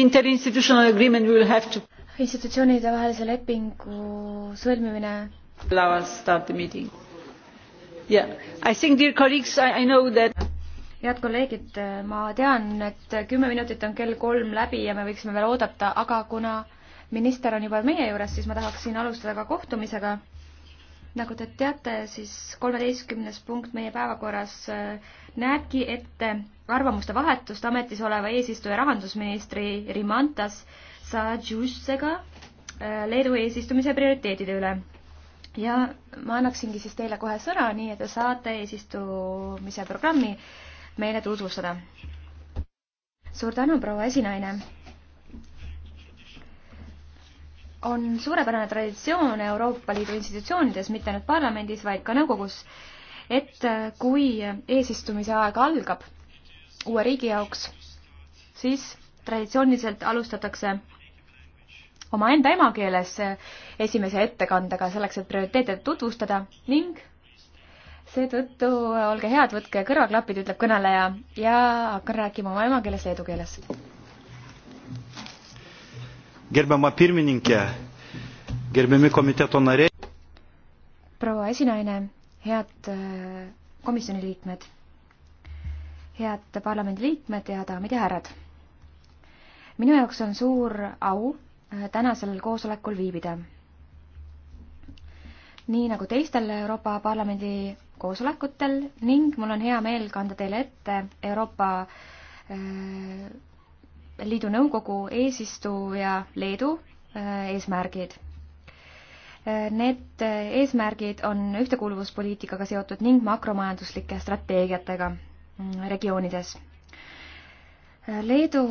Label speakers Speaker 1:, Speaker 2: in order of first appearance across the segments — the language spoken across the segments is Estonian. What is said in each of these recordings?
Speaker 1: To...
Speaker 2: institutsioonide vahelise lepingu sõlmimine. Yeah. That... head kolleegid, ma tean, et kümme minutit on kell kolm läbi ja me võiksime veel oodata, aga kuna minister on juba meie juures, siis ma tahaksin alustada ka kohtumisega nagu te teate, siis kolmeteistkümnes punkt meie päevakorras äh, näebki ette arvamuste vahetust ametis oleva eesistuja rahandusministri Rimantas Saadžussega äh, Leedu eesistumise prioriteetide üle. ja ma annaksingi siis teile kohe sõna, nii et te saate eesistumise programmi meile tutvustada. suur tänu, proua esinaine on suurepärane traditsioon Euroopa Liidu institutsioonides, mitte ainult parlamendis, vaid ka nõukogus, et kui eesistumise aeg algab uue riigi jaoks, siis traditsiooniliselt alustatakse omaenda emakeeles esimese ettekandega selleks, et prioriteete tutvustada ning seetõttu olge head, võtke kõrvaklapid, ütleb kõneleja ja hakkan rääkima oma emakeeles leedu keeles
Speaker 3: gerbiama pirmininkė, gerbiami komiteto nariai.
Speaker 2: proua esinaine, head äh, komisjoni liikmed, head parlamendi liikmed ja daamid ja härrad. minu jaoks on suur au äh, tänasel koosolekul viibida. nii nagu teistel Euroopa Parlamendi koosolekutel ning mul on hea meel kanda teile ette Euroopa äh, Liidu Nõukogu eesistuja Leedu äh, eesmärgid. Äh, need äh, eesmärgid on ühtekuuluvuspoliitikaga seotud ning makromajanduslike strateegiatega mm, regioonides. Leedu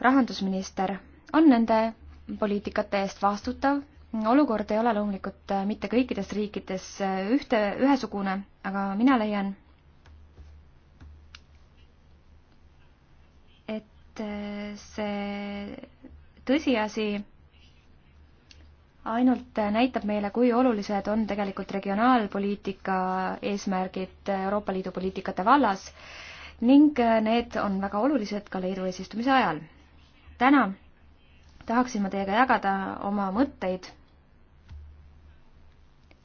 Speaker 2: rahandusminister on nende poliitikate eest vastutav, olukord ei ole loomulikult mitte kõikides riikides ühte, ühesugune, aga mina leian, et eh, see tõsiasi ainult näitab meile, kui olulised on tegelikult regionaalpoliitika eesmärgid Euroopa Liidu poliitikate vallas ning eh, need on väga olulised ka Leedu eesistumise ajal. täna tahaksin ma teiega jagada oma mõtteid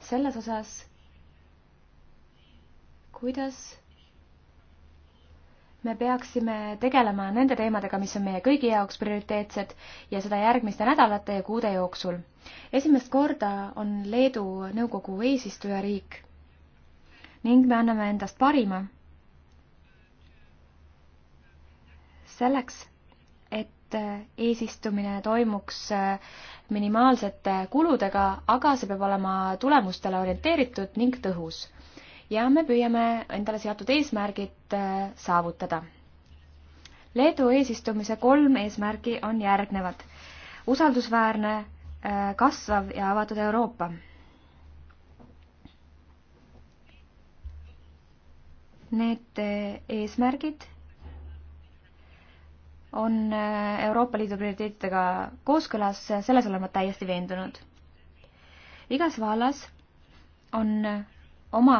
Speaker 2: selles osas, kuidas me peaksime tegelema nende teemadega, mis on meie kõigi jaoks prioriteetsed ja seda järgmiste nädalate ja kuude jooksul. esimest korda on Leedu nõukogu eesistujariik ning me anname endast parima selleks, et eesistumine toimuks minimaalsete kuludega, aga see peab olema tulemustele orienteeritud ning tõhus ja me püüame endale seatud eesmärgid äh, saavutada. Leedu eesistumise kolm eesmärgi on järgnevad. usaldusväärne, äh, kasvav ja avatud Euroopa. Need äh, eesmärgid on Euroopa Liidu prioriteetidega kooskõlas, selles olen ma täiesti veendunud. igas vallas on oma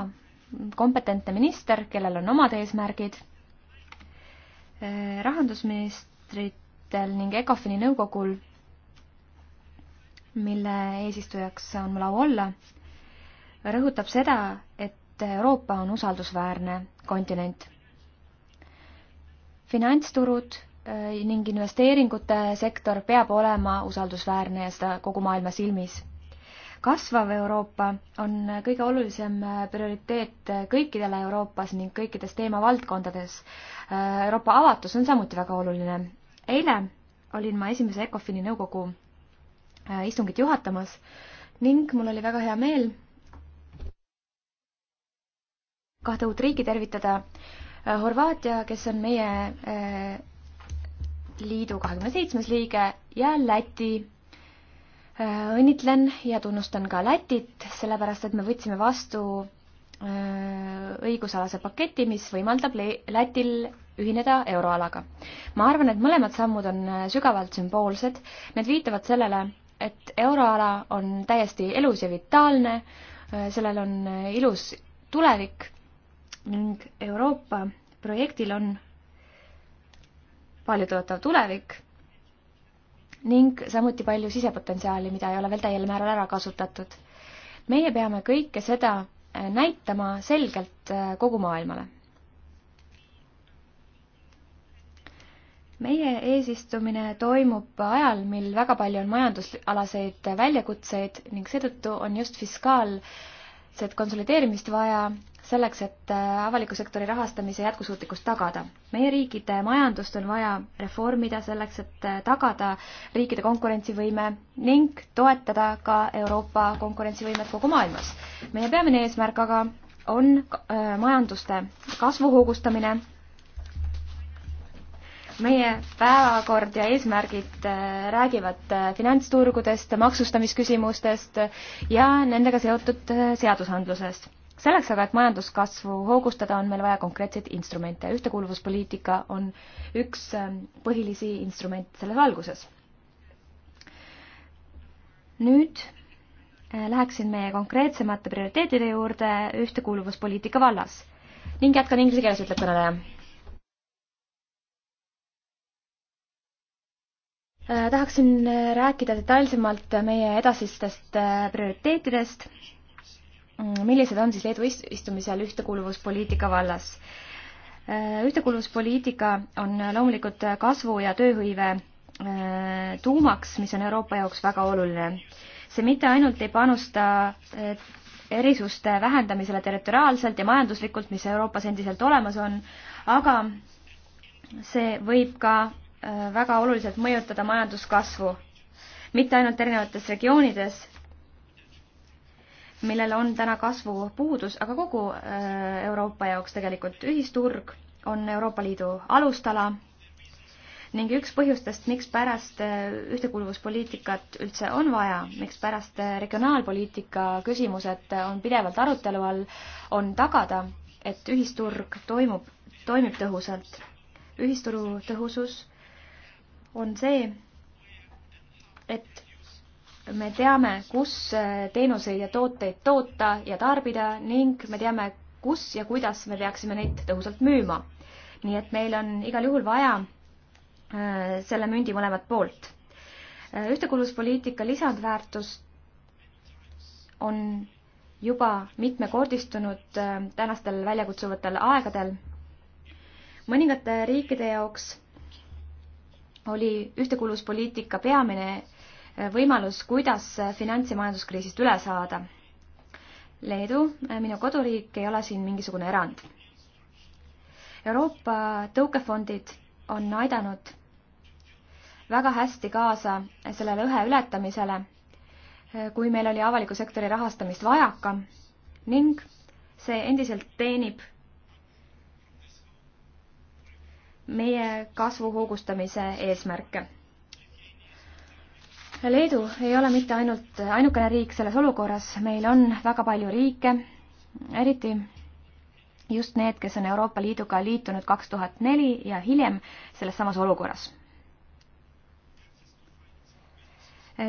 Speaker 2: kompetentne minister, kellel on omad eesmärgid. rahandusministritel ning ECOFIN-i nõukogul, mille eesistujaks on mul au olla, rõhutab seda, et Euroopa on usaldusväärne kontinent. finantsturud eh, ning investeeringute sektor peab olema usaldusväärne ja seda kogu maailma silmis kasvav Euroopa on kõige olulisem prioriteet kõikidele Euroopas ning kõikides teemavaldkondades. Euroopa avatus on samuti väga oluline. eile olin ma esimese ECOFIN-i nõukogu äh, istungit juhatamas ning mul oli väga hea meel kahte uut riiki tervitada. Äh, Horvaatia, kes on meie äh, liidu kahekümne seitsmes liige ja Läti Äh, õnnitlen ja tunnustan ka Lätit, sellepärast et me võtsime vastu äh, õigusalase paketi, mis võimaldab Lätil ühineda euroalaga. ma arvan, et mõlemad sammud on äh, sügavalt sümboolsed, need viitavad sellele, et euroala on täiesti elus ja vitaalne, sellel on ilus tulevik ning Euroopa projektil on paljutõotav tulevik ning samuti palju sisepotentsiaali, mida ei ole veel täiel määral ära kasutatud. meie peame kõike seda äh, näitama selgelt äh, kogu maailmale. meie eesistumine toimub ajal, mil väga palju on majandusalaseid väljakutseid ning seetõttu on just fiskaal- ühtset konsolideerimist vaja selleks, et äh, avaliku sektori rahastamise jätkusuutlikkust tagada. meie riikide majandust on vaja reformida selleks, et äh, tagada riikide konkurentsivõime ning toetada ka Euroopa konkurentsivõimet kogu maailmas. meie peamine eesmärk aga on äh, majanduste kasvu hoogustamine meie päevakord ja eesmärgid äh, räägivad äh, finantsturgudest, maksustamisküsimustest ja nendega seotud äh, seadusandlusest. selleks aga, et majanduskasvu hoogustada, on meil vaja konkreetseid instrumente. ühtekuuluvuspoliitika on üks põhilisi instrumente selles valguses. nüüd läheksin meie konkreetsemate prioriteetide juurde ühtekuuluvuspoliitika vallas ning jätkan inglise keeles, ütleb kõneleja Äh, tahaksin äh, rääkida detailsemalt meie edasistest äh, prioriteetidest. Mm, millised on siis Leedu istumisel ühtekuuluvuspoliitika vallas? ühtekuuluvuspoliitika on loomulikult kasvu ja tööhõive tuumaks, mis on Euroopa jaoks väga oluline. see mitte ainult ei panusta erisuste vähendamisele territoriaalselt ja majanduslikult, mis Euroopas endiselt olemas on, aga see võib ka Äh, väga oluliselt mõjutada majanduskasvu, mitte ainult erinevates regioonides, millel on täna kasvupuudus, aga kogu äh, Euroopa jaoks tegelikult ühisturg on Euroopa Liidu alustala ning üks põhjustest, mikspärast äh, ühtekuuluvuspoliitikat üldse on vaja, mikspärast regionaalpoliitika küsimused on pidevalt arutelu all, on tagada, et ühisturg toimub, toimib tõhusalt. ühisturu tõhusus on see, et me teame, kus äh, teenuseid ja tooteid toota ja tarbida ning me teame, kus ja kuidas me peaksime neid tõhusalt müüma. nii et meil on igal juhul vaja äh, selle mündi mõlemat poolt. Äh, ühtekuuluvuspoliitika lisandväärtus on juba mitmekordistunud tänastel väljakutsuvatel aegadel. mõningate riikide jaoks oli ühtekuuluvuspoliitika peamine äh, võimalus, kuidas äh, finants- ja majanduskriisist üle saada. Leedu, äh, minu koduriik, ei ole siin mingisugune erand. Euroopa tõukefondid on aidanud väga hästi kaasa selle lõhe ületamisele, kui meil oli avaliku sektori rahastamist vajaka ning see endiselt teenib meie kasvu hoogustamise eesmärke. Leedu ei ole mitte ainult ainukene riik selles olukorras, meil on väga palju riike, eriti just need, kes on Euroopa Liiduga liitunud kaks tuhat neli ja hiljem selles samas olukorras.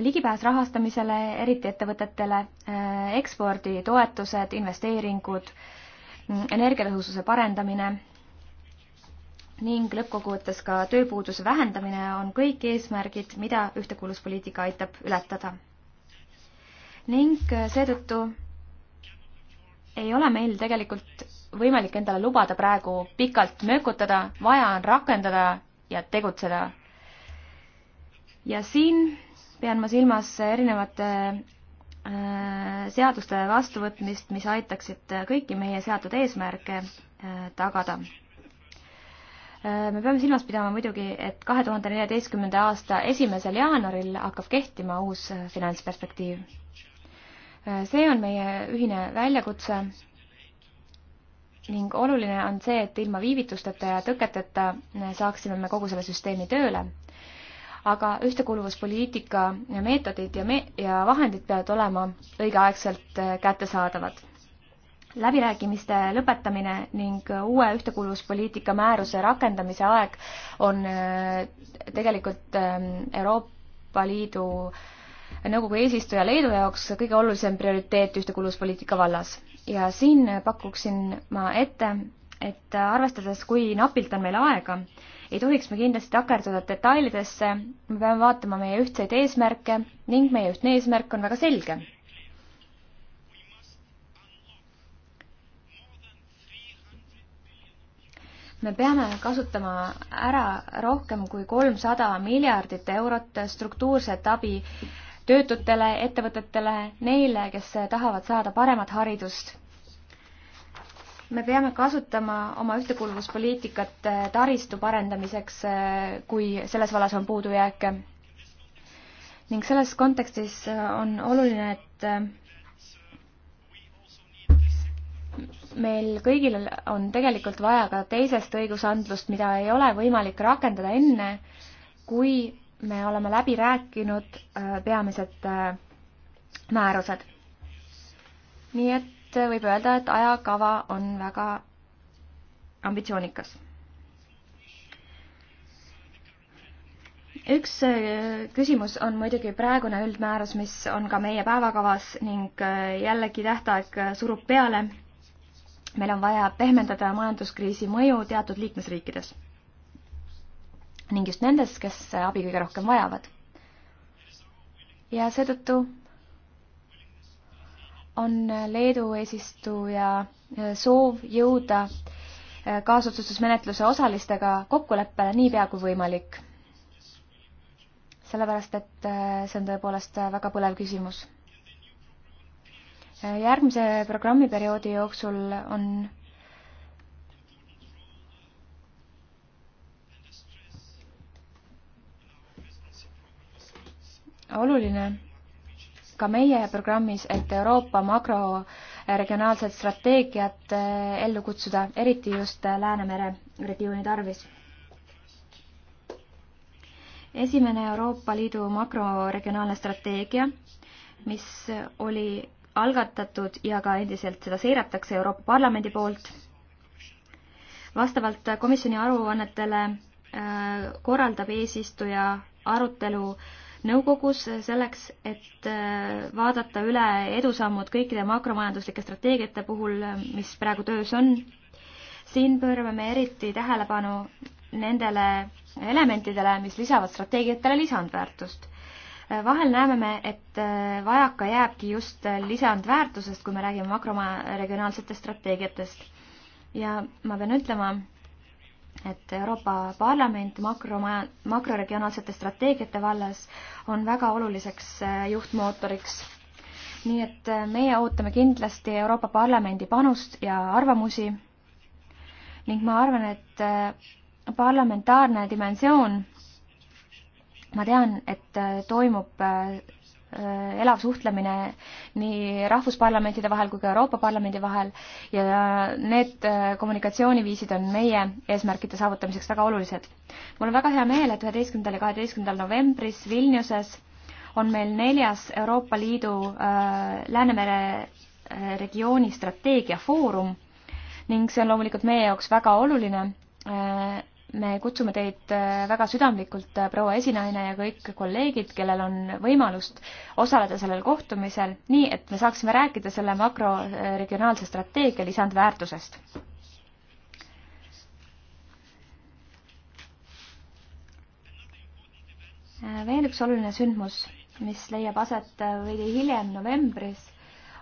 Speaker 2: ligipääs rahastamisele, eriti ettevõtetele, eksporditoetused, investeeringud, energiatõhususe parendamine ning lõppkokkuvõttes ka tööpuuduse vähendamine on kõik eesmärgid, mida ühtekuuluvuspoliitika aitab ületada. ning äh, seetõttu ei ole meil tegelikult võimalik endale lubada praegu pikalt mökutada, vaja on rakendada ja tegutseda. ja siin pean ma silmas erinevate äh, seaduste vastuvõtmist, mis aitaksid kõiki meie seatud eesmärke äh, tagada Äh, me peame silmas pidama muidugi, et kahe tuhande neljateistkümnenda aasta esimesel jaanuaril hakkab kehtima uus äh, finantsperspektiiv. Äh, see on meie ühine väljakutse ning oluline on see, et ilma viivitusteta ja tõketeta saaksime me kogu selle süsteemi tööle. aga ühtekuuluvuspoliitika meetodid ja me-, ja vahendid peavad olema õigeaegselt kättesaadavad läbirääkimiste lõpetamine ning uue ühtekuuluvuspoliitika määruse rakendamise aeg on äh, tegelikult ähm, Euroopa Liidu nõukogu eesistuja Leedu jaoks kõige olulisem prioriteet ühtekuuluvuspoliitika vallas. ja siin pakuksin ma ette, et arvestades, kui napilt on meil aega, ei tohiks me kindlasti takerduda detailidesse, me peame vaatama meie ühtseid eesmärke ning meie ühtne eesmärk on väga selge me peame kasutama ära rohkem kui kolmsada miljardit eurot struktuurset abi töötutele, ettevõtetele, neile, kes tahavad saada paremat haridust. me peame kasutama oma ühtekuuluvuspoliitikat taristu parendamiseks, kui selles vallas on puudujääke. ning selles kontekstis on oluline, et meil kõigil on tegelikult vaja ka teisest õigusandlust, mida ei ole võimalik rakendada enne, kui me oleme läbi rääkinud äh, peamised äh, määrused. nii et äh, võib öelda, et ajakava on väga ambitsioonikas. üks küsimus on muidugi praegune üldmäärus, mis on ka meie päevakavas ning jällegi tähtaeg surub peale meil on vaja pehmendada majanduskriisi mõju teatud liikmesriikides ning just nendes, kes abi kõige rohkem vajavad. ja seetõttu on Leedu eesistuja soov jõuda kaasotsustusmenetluse osalistega kokkuleppele niipea kui võimalik. sellepärast, et see on tõepoolest väga põlev küsimus järgmise programmiperioodi jooksul on oluline ka meie programmis, et Euroopa makroregionaalset strateegiat eh, ellu kutsuda, eriti just eh, Läänemere regiooni tarvis. esimene Euroopa Liidu makroregionaalne strateegia, mis oli algatatud ja ka endiselt seda seiratakse Euroopa Parlamendi poolt. vastavalt komisjoni aruannetele äh, korraldab eesistuja arutelu nõukogus selleks, et äh, vaadata üle edusammud kõikide makromajanduslike strateegiate puhul, mis praegu töös on. siin pöörame me eriti tähelepanu nendele elementidele, mis lisavad strateegiatele lisandväärtust vahel näeme me, et äh, vajaka jääbki just äh, lisandväärtusest, kui me räägime makroma-, regionaalsetest strateegiatest. ja ma pean ütlema, et Euroopa Parlament makromaja, makroregionaalsete strateegiate vallas on väga oluliseks äh, juhtmootoriks. nii et meie ootame kindlasti Euroopa Parlamendi panust ja arvamusi ning ma arvan, et parlamentaarne dimensioon ma tean, et äh, toimub äh, äh, elav suhtlemine nii rahvusparlamentide vahel kui ka Euroopa Parlamendi vahel ja need kommunikatsiooniviisid on meie eesmärkide saavutamiseks väga olulised. mul on väga hea meel, et üheteistkümnendal ja kaheteistkümnendal novembris Vilniuses on meil neljas Euroopa Liidu äh, Läänemere äh, regiooni strateegiafoorum ning see on loomulikult meie jaoks väga oluline äh, me kutsume teid äh, väga südamlikult, äh, proua esinaine ja kõik kolleegid, kellel on võimalust osaleda sellel kohtumisel, nii et me saaksime rääkida selle makroregionaalse äh, strateegia lisandväärtusest. veel üks oluline sündmus, mis leiab aset veidi hiljem novembris,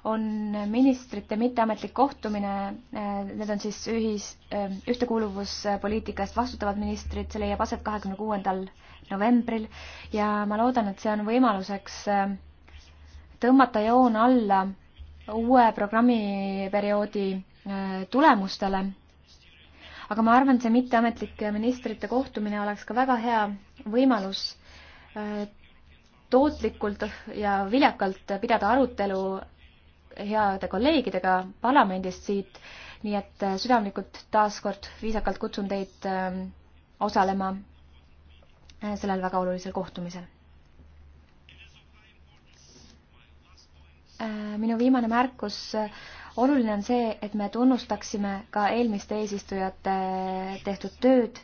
Speaker 2: on ministrite mitteametlik kohtumine, äh, need on siis ühis, äh, ühtekuuluvuspoliitika eest vastutavad ministrid, see leiab aset kahekümne kuuendal novembril ja ma loodan, et see on võimaluseks äh, tõmmata joon alla uue programmiperioodi tulemustele. aga ma arvan, et see mitteametlik ministrite kohtumine oleks ka väga hea võimalus tootlikult ja viljakalt pidada arutelu heade kolleegidega parlamendist siit, nii et äh, südamlikult taaskord viisakalt kutsun teid ähm, osalema äh, sellel väga olulisel kohtumisel. Äh, minu viimane märkus, oluline on see, et me tunnustaksime ka eelmiste eesistujate tehtud tööd.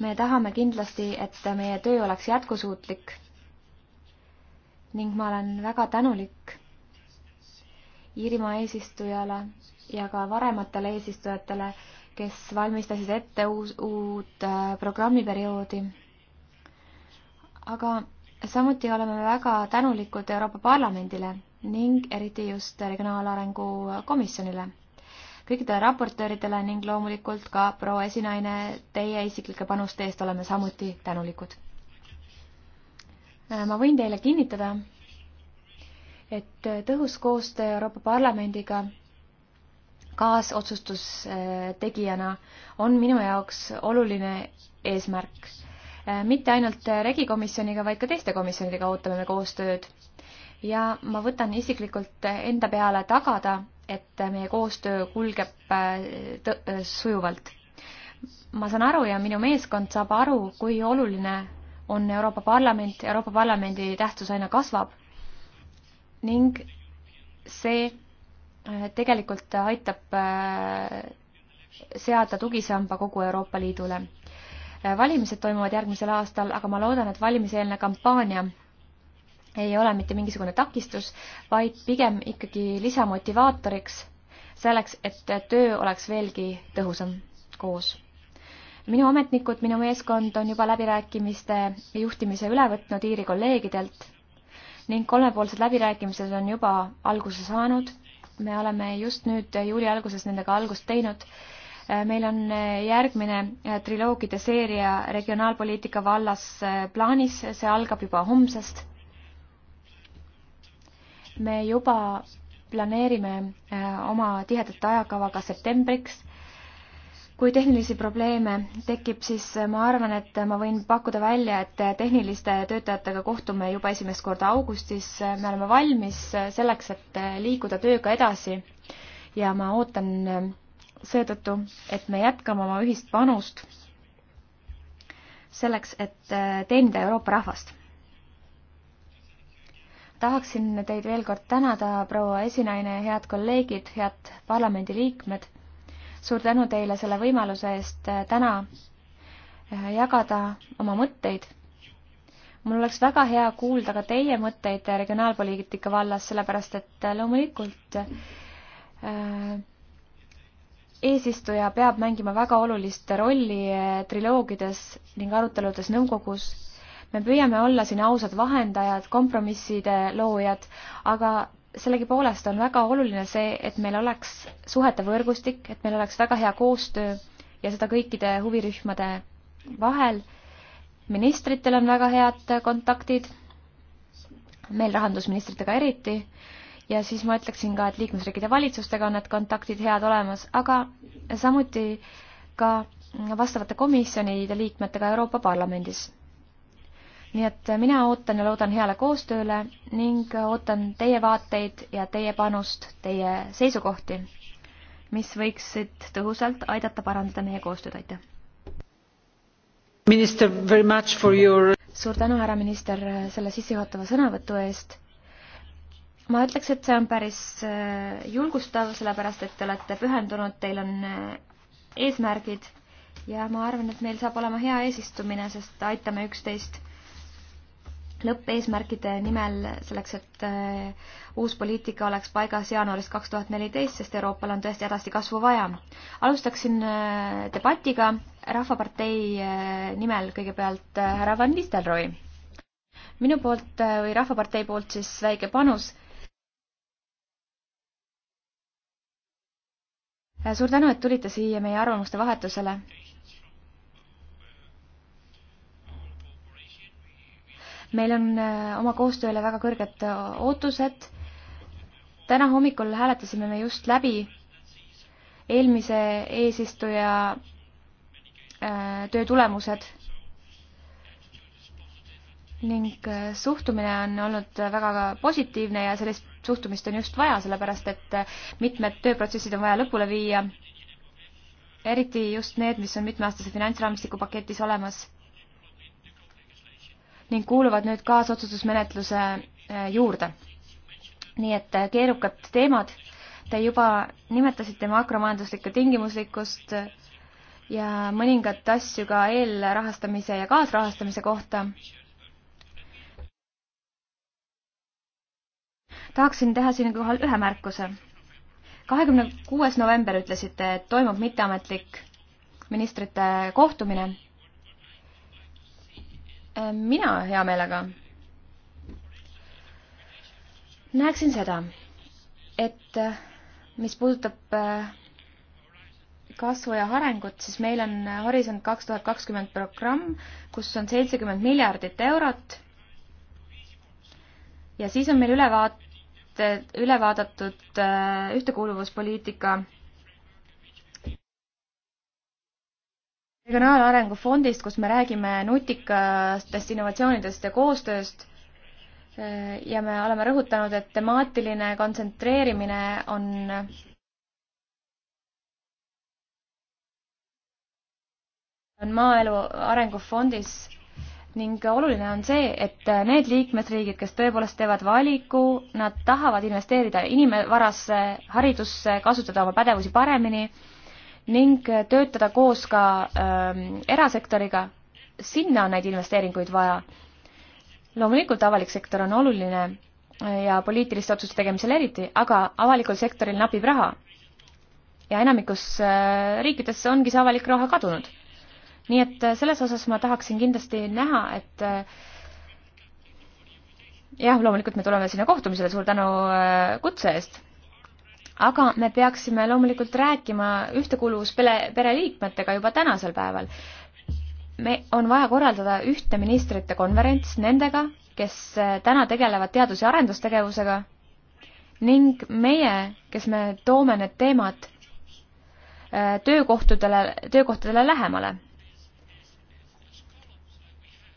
Speaker 2: me tahame kindlasti, et meie töö oleks jätkusuutlik. ning ma olen väga tänulik Iirimaa eesistujale ja ka varematele eesistujatele, kes valmistasid ette uus, uut äh, programmiperioodi. aga samuti oleme väga tänulikud Euroopa Parlamendile ning eriti just Regionaalarengu Komisjonile, kõikidele raportööridele ning loomulikult ka proua esinaine, teie isiklike panuste eest oleme samuti tänulikud. Äh, ma võin teile kinnitada, et tõhus koostöö Euroopa Parlamendiga kaasotsustustegijana on minu jaoks oluline eesmärk. Äh, mitte ainult regikomisjoniga, vaid ka teiste komisjonidega ootame me koostööd. ja ma võtan isiklikult enda peale tagada, et meie koostöö kulgeb äh, äh, sujuvalt. ma saan aru ja minu meeskond saab aru, kui oluline on Euroopa Parlament, Euroopa Parlamendi tähtsus aina kasvab ning see äh, tegelikult aitab äh, seada tugisamba kogu Euroopa Liidule. Äh, valimised toimuvad järgmisel aastal, aga ma loodan, et valimiseelne kampaania ei ole mitte mingisugune takistus, vaid pigem ikkagi lisamotivaatoriks selleks, et töö oleks veelgi tõhusam koos. minu ametnikud, minu meeskond on juba läbirääkimiste juhtimise üle võtnud Iiri kolleegidelt ning kolmepoolsed läbirääkimised on juba alguse saanud. me oleme just nüüd juuli alguses nendega algust teinud. Äh, meil on äh, järgmine äh, triloogide seeria regionaalpoliitika vallas plaanis, see algab juba homsest. me juba planeerime oma tihedat ajakava ka septembriks kui tehnilisi probleeme tekib, siis ma arvan, et ma võin pakkuda välja, et tehniliste töötajatega kohtume juba esimest korda augustis. me oleme valmis selleks, et liikuda tööga edasi ja ma ootan seetõttu, et me jätkame oma ühist panust selleks, et teenida Euroopa rahvast. tahaksin teid veel kord tänada, proua esinaine, head kolleegid, head parlamendiliikmed suur tänu teile selle võimaluse eest äh, täna äh, jagada oma mõtteid. mul oleks väga hea kuulda ka teie mõtteid äh, regionaalpoliitika vallas, sellepärast et loomulikult äh, eesistuja peab mängima väga olulist rolli triloogides ning aruteludes nõukogus. me püüame olla siin ausad vahendajad, kompromisside loojad, aga sellegipoolest on väga oluline see, et meil oleks suhete võrgustik, et meil oleks väga hea koostöö ja seda kõikide huvirühmade vahel. ministritel on väga head kontaktid, meil rahandusministritega eriti, ja siis ma ütleksin ka, et liikmesriikide valitsustega on need kontaktid head olemas, aga samuti ka vastavate komisjonide liikmetega Euroopa Parlamendis nii et mina ootan ja loodan heale koostööle ning ootan teie vaateid ja teie panust, teie seisukohti, mis võiksid tõhusalt aidata parandada meie koostööd, aitäh!
Speaker 1: minister, very much for your
Speaker 2: suur tänu, härra minister, selle sissejuhatava sõnavõtu eest ma ütleks, et see on päris äh, julgustav, sellepärast et te olete pühendunud, teil on äh, eesmärgid ja ma arvan, et meil saab olema hea eesistumine, sest aitame üksteist lõppeesmärkide nimel selleks, et äh, uus poliitika oleks paigas jaanuarist kaks tuhat neliteist, sest Euroopal on tõesti hädasti kasvu vaja. alustaksin äh, debatiga Rahvapartei äh, nimel kõigepealt härra Van Nistelrooy. minu poolt või Rahvapartei poolt siis väike panus. suur tänu, et tulite siia meie arvamuste vahetusele meil on äh, oma koostööle väga kõrged äh, ootused. täna hommikul hääletasime me just läbi eelmise eesistuja äh, töö tulemused ning suhtumine on olnud väga positiivne ja sellist suhtumist on just vaja, sellepärast et mitmed tööprotsessid on vaja lõpule viia, eriti just need, mis on mitmeaastase finantsraamistiku paketis olemas ning kuuluvad nüüd kaasotsustusmenetluse äh, juurde. nii et äh, keerukad teemad, te juba nimetasite makromajanduslikku tingimuslikkust ja mõningat asju ka eelrahastamise ja kaasrahastamise kohta. tahaksin teha siinkohal ühe märkuse. kahekümne kuues november ütlesite, et toimub mitteametlik ministrite kohtumine Äh, mina hea meelega näeksin seda, et äh, mis puudutab äh, kasvu ja arengut, siis meil on Horisont kaks tuhat kakskümmend programm, kus on seitsekümmend miljardit eurot. ja siis on meil ülevaate, üle vaadatud ühtekuuluvuspoliitika regionaalarengu fondist, kus me räägime nutikatest innovatsioonidest ja koostööst ja me oleme rõhutanud, et temaatiline kontsentreerimine on on maaelu arengufondis ning oluline on see, et need liikmesriigid, kes tõepoolest teevad valiku, nad tahavad investeerida inimvarasse, haridusse, kasutada oma pädevusi paremini ning töötada koos ka äh, erasektoriga, sinna on neid investeeringuid vaja. loomulikult avalik sektor on oluline äh, ja poliitiliste otsuste tegemisel eriti, aga avalikul sektoril napib raha. ja enamikus äh, riikides ongi see avalik raha kadunud. nii et äh, selles osas ma tahaksin kindlasti näha, et äh, jah, loomulikult me tuleme sinna kohtumisele, suur tänu äh, kutse eest aga me peaksime loomulikult rääkima ühtekuuluvus pere, pereliikmetega juba tänasel päeval. me, on vaja korraldada ühtne ministrite konverents nendega, kes äh, täna tegelevad teadus- ja arendustegevusega ning meie, kes me toome need teemad äh, töökohtadele, töökohtadele lähemale.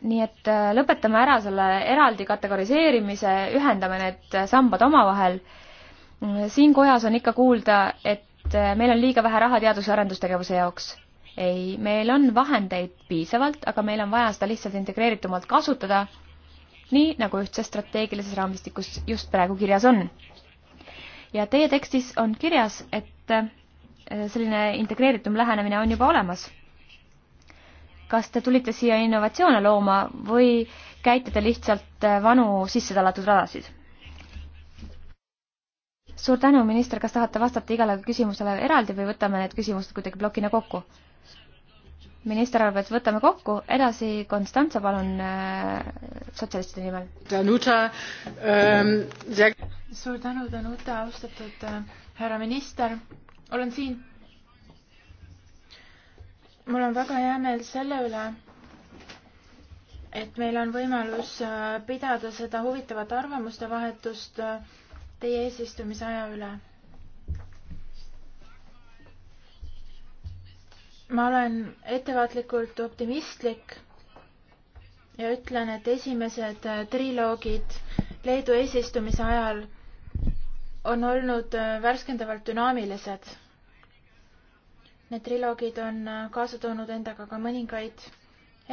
Speaker 2: nii et äh, lõpetame ära selle eraldi kategoriseerimise, ühendame need sambad omavahel siin kojas on ikka kuulda, et äh, meil on liiga vähe raha teadus- ja arendustegevuse jaoks. ei, meil on vahendeid piisavalt, aga meil on vaja seda lihtsalt integreeritumalt kasutada, nii nagu ühtses strateegilises raamistikus just praegu kirjas on. ja teie tekstis on kirjas, et äh, selline integreeritum lähenemine on juba olemas. kas te tulite siia innovatsioone looma või käite te lihtsalt äh, vanu sisse tallatud radasid? suur tänu, minister, kas tahate vastata igale küsimusele eraldi või võtame need küsimused kuidagi plokina kokku? minister arvab, et võtame kokku, edasi Konstantse, palun äh, sotsialistide nimel. Danuta ähm,.
Speaker 1: suur tänu, Danuta, austatud äh, härra minister, olen siin. mul on väga hea meel selle üle, et meil on võimalus äh, pidada seda huvitavat arvamuste vahetust äh, teie eesistumisaja üle. ma olen ettevaatlikult optimistlik ja ütlen, et esimesed äh, triloogid Leedu eesistumise ajal on olnud äh, värskendavalt dünaamilised. Need triloogid on äh, kaasa toonud endaga ka mõningaid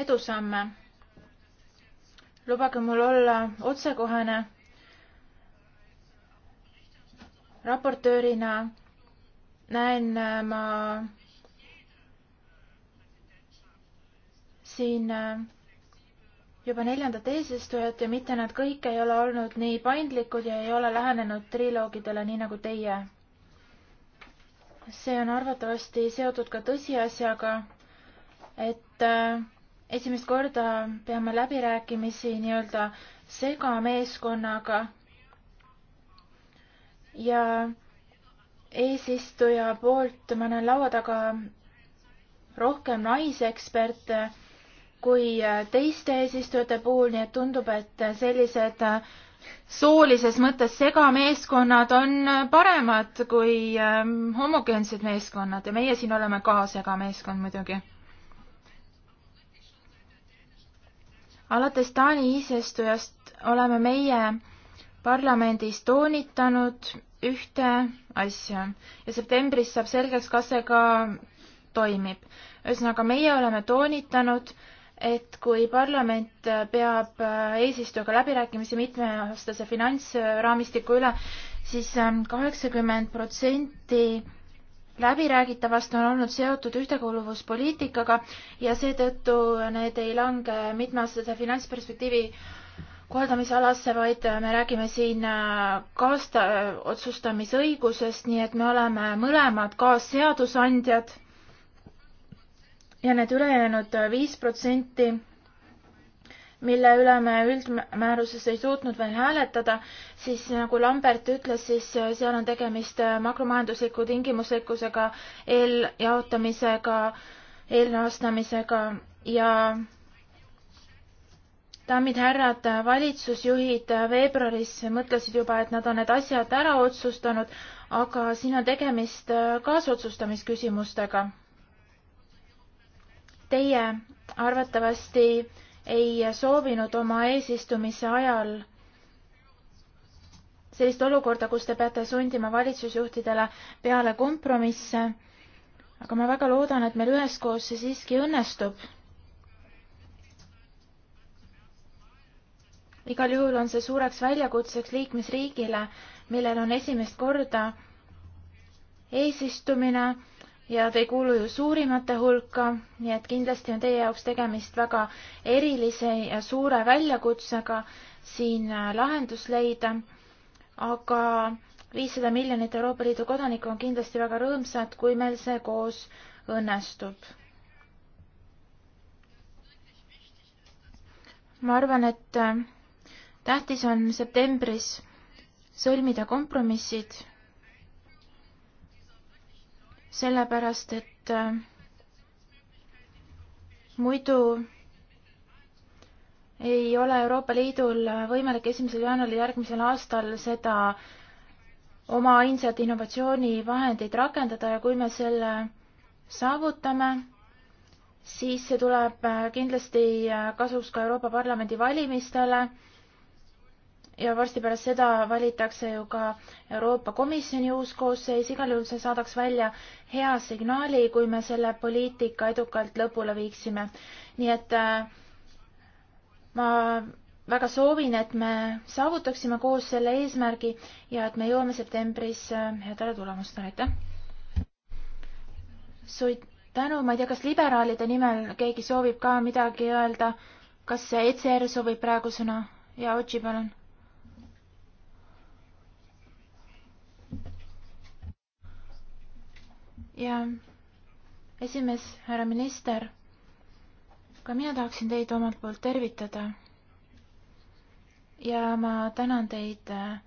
Speaker 1: edusamme. lubage mul olla otsekohene raportöörina näen äh, ma siin äh, juba neljandat eesistujat ja mitte nad kõik ei ole olnud nii paindlikud ja ei ole lähenenud triloogidele nii nagu teie. see on arvatavasti seotud ka tõsiasjaga, et äh, esimest korda peame läbirääkimisi nii-öelda segameeskonnaga ja eesistuja poolt ma näen laua taga rohkem naiseksperte kui teiste eesistujate puhul, nii et tundub, et sellised soolises mõttes segameeskonnad on paremad kui ähm, homogeensed meeskonnad ja meie siin oleme ka segameeskond muidugi. alates Taani eesistujast oleme meie parlamendis toonitanud ühte asja ja septembris saab selgeks, kas see ka toimib. ühesõnaga, meie oleme toonitanud, et kui parlament peab eesistujaga läbirääkimisi mitmeaastase finantsraamistiku üle, siis ähm, kaheksakümmend protsenti läbiräägitavast on olnud seotud ühtekuuluvuspoliitikaga ja seetõttu need ei lange mitmeaastase finantsperspektiivi kohaldamisalasse, vaid äh, me räägime siin äh, kaasta äh, otsustamisõigusest, nii et me oleme mõlemad kaasseadusandjad ja need ülejäänud viis protsenti, mille üle me üldmääruses ei suutnud veel hääletada, siis nagu Lambert ütles, siis seal on tegemist makromajandusliku tingimuslikkusega, eeljaotamisega, eelrahastamisega ja daamid-härrad, valitsusjuhid veebruaris mõtlesid juba, et nad on need asjad ära otsustanud, aga siin on tegemist kaasotsustamisküsimustega. Teie arvatavasti ei soovinud oma eesistumise ajal sellist olukorda, kus te peate sundima valitsusjuhtidele peale kompromisse. aga ma väga loodan, et meil üheskoos see siiski õnnestub igal juhul on see suureks väljakutseks liikmesriigile, millel on esimest korda eesistumine ja te ei kuulu ju suurimate hulka, nii et kindlasti on teie jaoks tegemist väga erilise ja suure väljakutsega siin äh, lahendus leida. aga viissada miljonit Euroopa Liidu kodanikku on kindlasti väga rõõmsad, kui meil see koos õnnestub. ma arvan, et äh, tähtis on septembris sõlmida kompromissid, sellepärast et äh, muidu ei ole Euroopa Liidul võimalik esimesel jaanuaril järgmisel aastal seda oma ainsat innovatsioonivahendit rakendada ja kui me selle saavutame, siis see tuleb äh, kindlasti äh, kasuks ka Euroopa Parlamendi valimistele ja varsti pärast seda valitakse ju ka Euroopa Komisjoni uus koosseis, igal juhul see saadaks välja hea signaali, kui me selle poliitika edukalt lõpule viiksime. nii et äh, ma väga soovin, et me saavutaksime koos selle eesmärgi ja et me jõuame septembris äh, headele tulemustele, aitäh! suur tänu, ma ei tea, kas liberaalide nimel keegi soovib ka midagi öelda, kas ECR e soovib praegu sõna? jaa, Otsi, palun ja esimees, härra minister, ka mina tahaksin teid omalt poolt tervitada. ja ma tänan teid äh,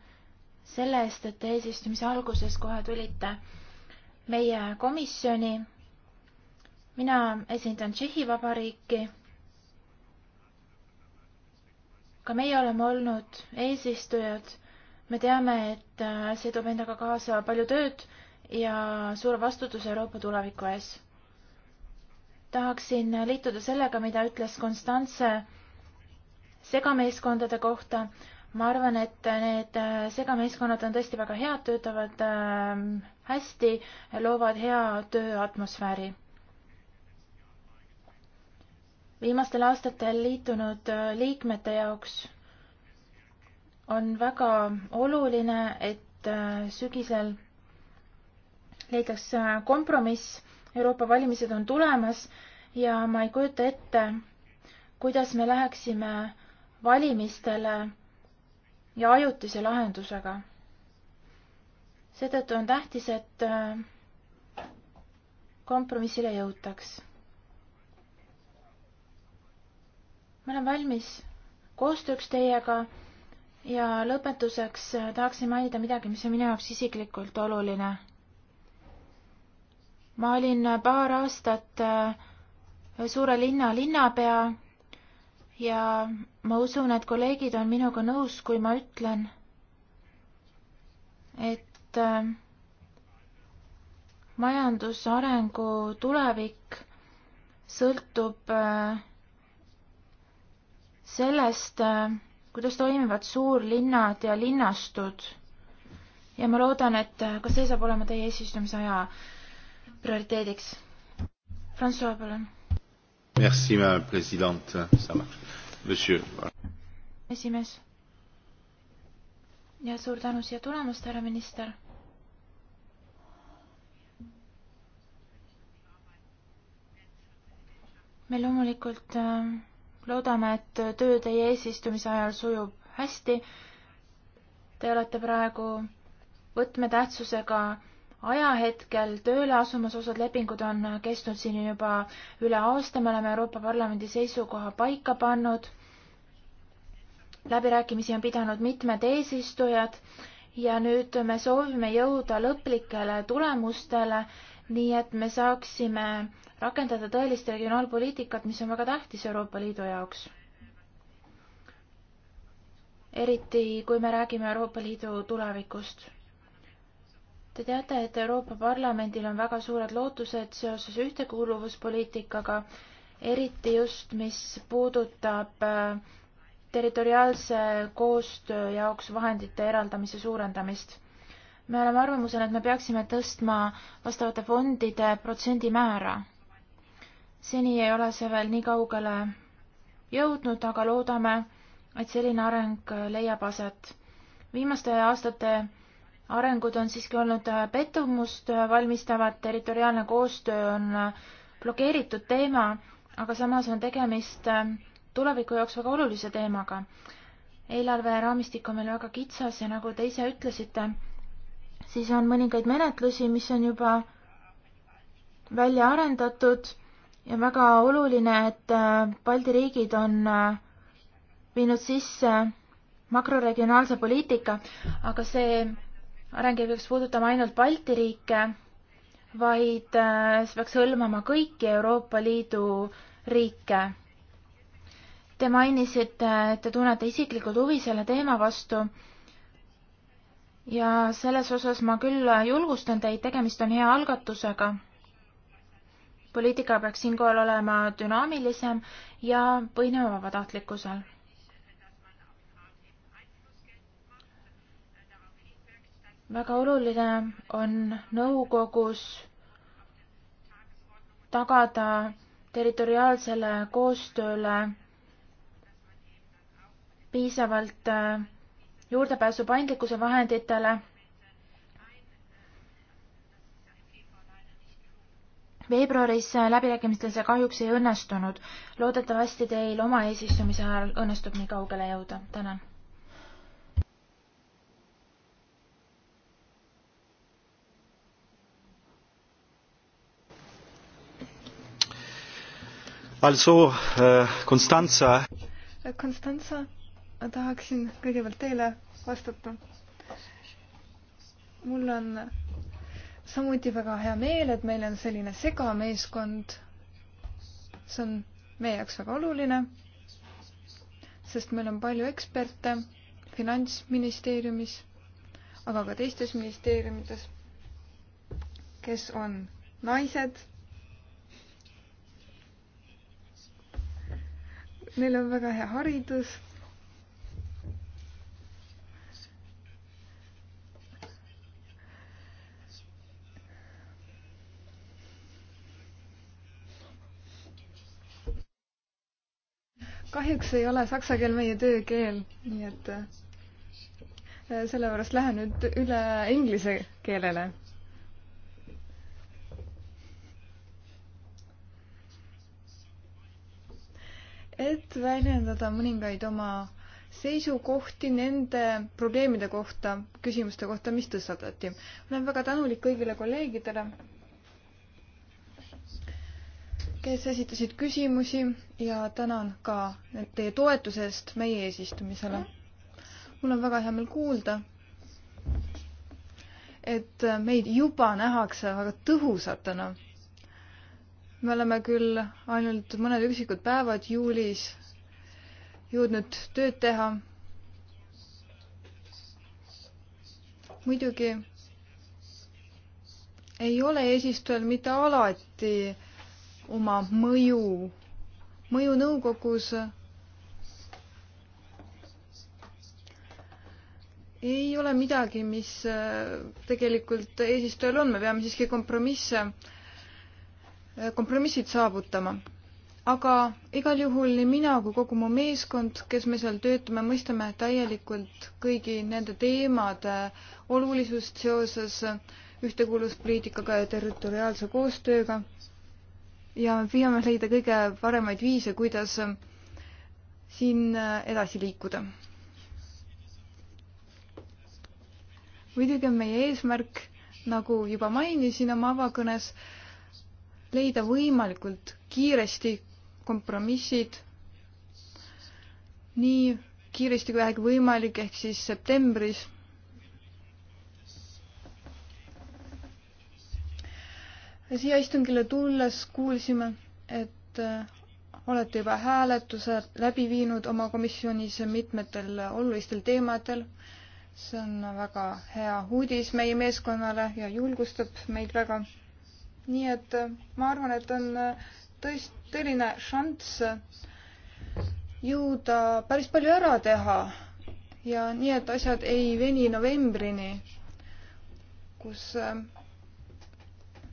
Speaker 1: selle eest, et te eesistumise alguses kohe tulite meie komisjoni. mina esindan Tšehhi Vabariiki. ka meie oleme olnud eesistujad. me teame, et äh, see toob endaga kaasa palju tööd ja suure vastutuse Euroopa tuleviku ees. tahaksin liituda sellega, mida ütles Konstantse segameeskondade kohta. ma arvan, et need segameeskonnad on tõesti väga head, töötavad ähm, hästi, loovad hea tööatmosfääri. viimastel aastatel liitunud äh, liikmete jaoks on väga oluline, et äh, sügisel leidaks kompromiss. Euroopa valimised on tulemas ja ma ei kujuta ette, kuidas me läheksime valimistele ja ajutise lahendusega. seetõttu on tähtis, et äh, kompromissile jõutaks. ma olen valmis koostööks teiega ja lõpetuseks äh, tahaksin mainida midagi, mis on minu jaoks isiklikult oluline ma olin paar aastat äh, suure linna linnapea ja ma usun, et kolleegid on minuga nõus, kui ma ütlen, et äh, majandusarengu tulevik sõltub äh, sellest, kuidas toimivad suurlinnad ja linnastud. ja ma loodan, et ka see saab olema teie eesistumise aja prioriteediks. Francois, palun.
Speaker 3: Merci, ma president, ça marche. Monsieur.
Speaker 1: esimees. ja suur tänu siia tulemast, härra minister me loomulikult äh, loodame, et töö teie eesistumise ajal sujub hästi. Te olete praegu võtmetähtsusega ajahetkel tööle asumas, osad lepingud on kestnud siin juba üle aasta, me oleme Euroopa Parlamendi seisukoha paika pannud. läbirääkimisi on pidanud mitmed eesistujad ja nüüd me soovime jõuda lõplikele tulemustele, nii et me saaksime rakendada tõelist regionaalpoliitikat, mis on väga tähtis Euroopa Liidu jaoks. eriti, kui me räägime Euroopa Liidu tulevikust Te teate, et Euroopa Parlamendil on väga suured lootused seoses ühtekuuluvuspoliitikaga, eriti just, mis puudutab äh, territoriaalse koostöö jaoks vahendite eraldamise suurendamist. me oleme arvamusel, et me peaksime tõstma vastavate fondide protsendimäära. seni ei ole see veel nii kaugele jõudnud, aga loodame, et selline areng leiab aset. viimaste aastate arengud on siiski olnud äh, pettumust äh, valmistavad, territoriaalne koostöö on äh, blokeeritud teema, aga samas on tegemist tuleviku jaoks väga olulise teemaga. eelarveraamistik on meil väga kitsas ja nagu te ise ütlesite, siis on mõningaid menetlusi, mis on juba välja arendatud ja väga oluline, et Balti riigid on viinud sisse makroregionaalse poliitika, aga see areng ei peaks puudutama ainult Balti riike, vaid äh, see peaks hõlmama kõiki Euroopa Liidu riike. Te mainisite, et te tunnete isiklikult huvi selle teema vastu ja selles osas ma küll julgustan teid, tegemist on hea algatusega. poliitika peaks siinkohal olema dünaamilisem ja põhinema vabatahtlikkusel väga oluline on nõukogus tagada territoriaalsele koostööle piisavalt äh, juurdepääsu paindlikkuse vahenditele. veebruaris äh, läbirääkimistel see kahjuks ei õnnestunud. loodetavasti teil oma eesistumise ajal õnnestub nii kaugele jõuda. tänan
Speaker 2: Also
Speaker 3: Konstantsa äh,. Konstantsa, tahaksin kõigepealt teile vastata. mul on samuti väga hea meel, et meil on selline segameeskond. see on meie jaoks väga oluline, sest meil on palju eksperte Finantsministeeriumis, aga ka teistes ministeeriumides, kes on naised neil on väga hea haridus. kahjuks ei ole saksa keel meie töökeel, nii et äh, sellepärast lähen nüüd üle inglise keelele et väljendada mõningaid oma seisukohti nende probleemide kohta, küsimuste kohta, mis tõstatati. olen väga tänulik kõigile kolleegidele, kes esitasid küsimusi ja tänan ka teie toetuse eest meie eesistumisele. mul on väga hea meel kuulda, et meid juba nähakse väga tõhusatena me oleme küll ainult mõned üksikud päevad juulis jõudnud tööd teha. muidugi ei ole eesistujal mitte alati oma mõju, mõju nõukogus ei ole midagi, mis tegelikult eesistujal on, me peame siiski kompromisse äh, Äh, kompromissid saavutama. aga igal juhul nii mina kui kogu mu meeskond, kes me seal töötame, mõistame täielikult kõigi nende teemade olulisust seoses ühtekuuluvuspoliitikaga ja territoriaalse koostööga. ja me püüame leida kõige paremaid viise, kuidas siin äh, edasi liikuda. muidugi on meie eesmärk, nagu juba mainisin oma avakõnes, leida võimalikult kiiresti kompromissid nii kiiresti kui vähegi võimalik, ehk siis septembris. siia istungile tulles kuulsime, et äh, olete juba hääletuse läbi viinud oma komisjonis mitmetel olulistel teemadel. see on väga hea uudis meie meeskonnale ja julgustab meid väga nii et äh, ma arvan, et on äh, tõest-, tõeline šanss äh, jõuda päris palju ära teha ja nii, et asjad ei veni novembrini, kus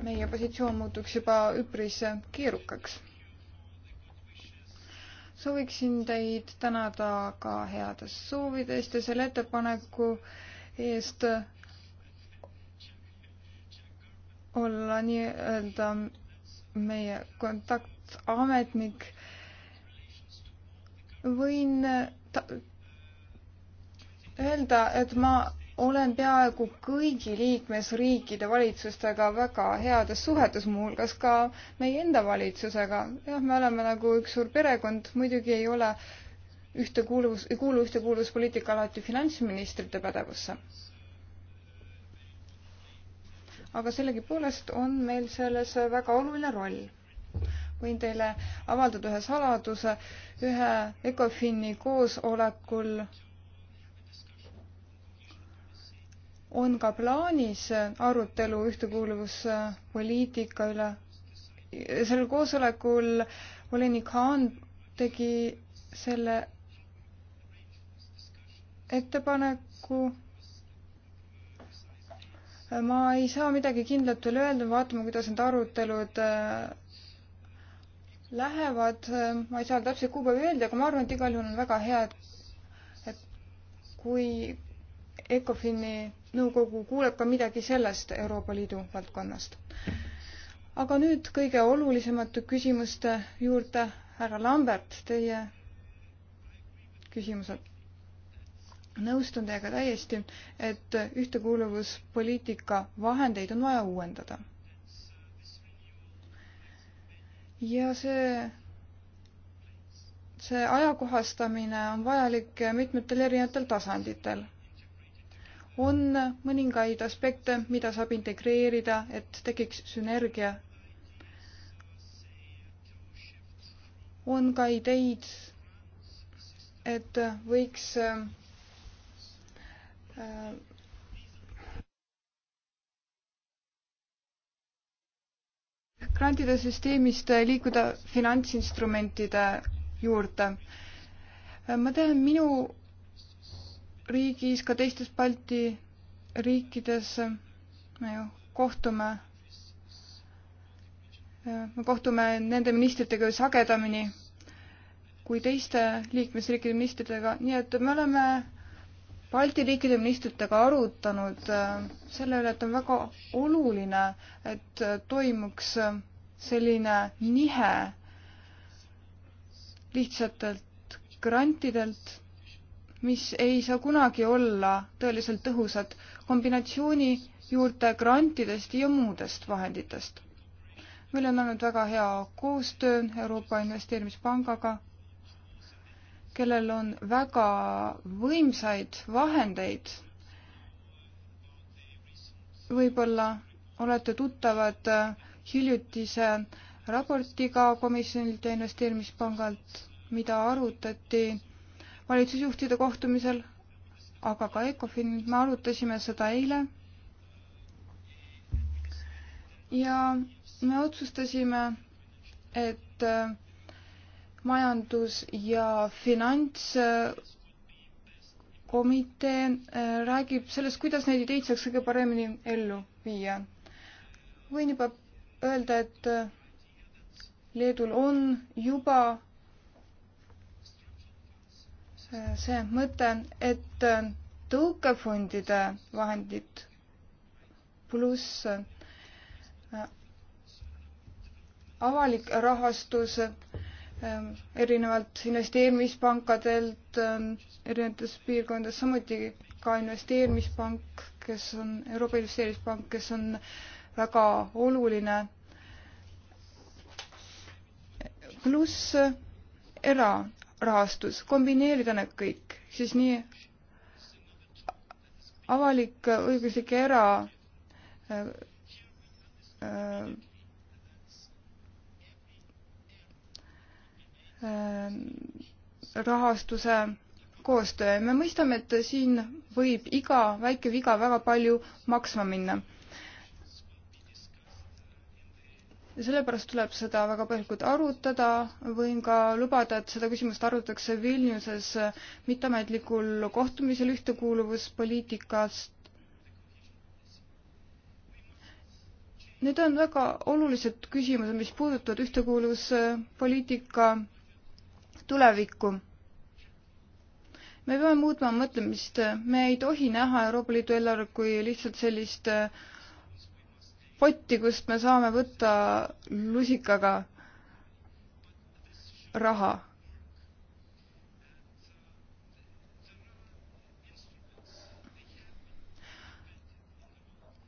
Speaker 3: meie positsioon muutuks juba üpris keerukaks. sooviksin teid tänada ka headest soovidest ja selle ettepaneku eest olla nii-öelda meie kontaktametnik. võin öelda, et ma olen peaaegu kõigi liikmesriikide valitsustega väga heades suhetes, muuhulgas ka meie enda valitsusega. jah, me oleme nagu üks suur perekond, muidugi ei ole ühtekuuluvus, ei kuulu ühtekuuluvuspoliitika alati finantsministrite pädevusse aga sellegipoolest on meil selles väga oluline roll. võin teile avaldada ühe saladuse, ühe Ecofini koosolekul on ka plaanis arutelu ühtekuuluvuspoliitika üle. sellel koosolekul volinik Haan tegi selle ettepaneku ma ei saa midagi kindlat veel öelda, vaatame, kuidas need arutelud äh, lähevad, ma ei saa täpselt kuupäeva öelda, aga ma arvan, et igal juhul on väga hea, et, et kui ECOFIN-i nõukogu kuuleb ka midagi sellest Euroopa Liidu valdkonnast. aga nüüd kõige olulisemate küsimuste juurde, härra Lambert, teie küsimused nõustun teiega täiesti, et ühtekuuluvuspoliitika vahendeid on vaja uuendada. ja see, see ajakohastamine on vajalik mitmetel erinevatel tasanditel. on mõningaid aspekte, mida saab integreerida, et tekiks sünergia. on ka ideid, et võiks grantide süsteemist liikuda finantsinstrumentide juurde. ma tean, minu riigis, ka teistes Balti riikides me ju kohtume, me kohtume nende ministritega ju sagedamini kui teiste liikmesriikide ministritega, nii et me oleme Balti riikide ministritega arutanud äh, selle üle, et on väga oluline, et äh, toimuks äh, selline nihe lihtsatelt grantidelt, mis ei saa kunagi olla tõeliselt tõhusad kombinatsiooni juurde grantidest ja muudest vahenditest. meil on olnud väga hea koostöö Euroopa Investeerimispangaga kellel on väga võimsaid vahendeid. võib-olla olete tuttavad äh, hiljutise raportiga komisjonilt ja investeerimispangalt, mida arutati valitsusjuhtide kohtumisel, aga ka ECOFIN, me arutasime seda eile. ja me otsustasime, et äh, majandus- ja finantskomitee äh, räägib sellest, kuidas neid ideid saaks kõige paremini ellu viia. võin juba öelda, et äh, Leedul on juba äh, see mõte, et tõukefondide vahendid pluss avalik rahastus Ähm, erinevalt investeerimispankadelt ähm, erinevates piirkondades, samuti ka investeerimispank, kes on Euroopa Investeerimispank, kes on väga oluline. pluss äh, erarahastus, kombineerida need kõik, siis nii avalik, õiguslik ja era äh, äh, Äh, rahastuse koostöö. me mõistame, et siin võib iga väike viga väga palju maksma minna. ja sellepärast tuleb seda väga põhjalikult arutada, võin ka lubada, et seda küsimust arutatakse Vilniuses mitteametlikul kohtumisel ühtekuuluvuspoliitikast. Need on väga olulised küsimused, mis puudutavad ühtekuuluvuspoliitika tulevikku. me peame muutma mõtlemist, me ei tohi näha Euroopa Liidu eelarvet kui lihtsalt sellist äh, potti, kust me saame võtta lusikaga raha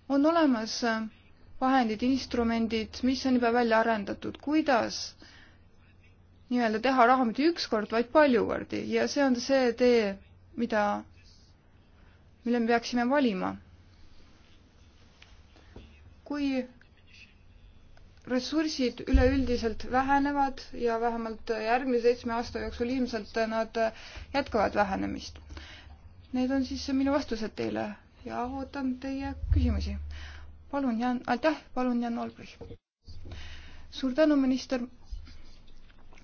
Speaker 3: on olemas äh, vahendid, instrumendid, mis on juba välja arendatud, kuidas nii-öelda teha raha mitte üks kord, vaid palju kordi ja see on see tee, mida, mille me peaksime valima. kui ressursid üleüldiselt vähenevad ja vähemalt järgmise seitsme aasta jooksul ilmselt nad jätkavad vähenemist. Need on siis minu vastused teile ja ootan teie küsimusi. palun, Jan, aitäh, palun, Jan Olbrich. suur tänu, minister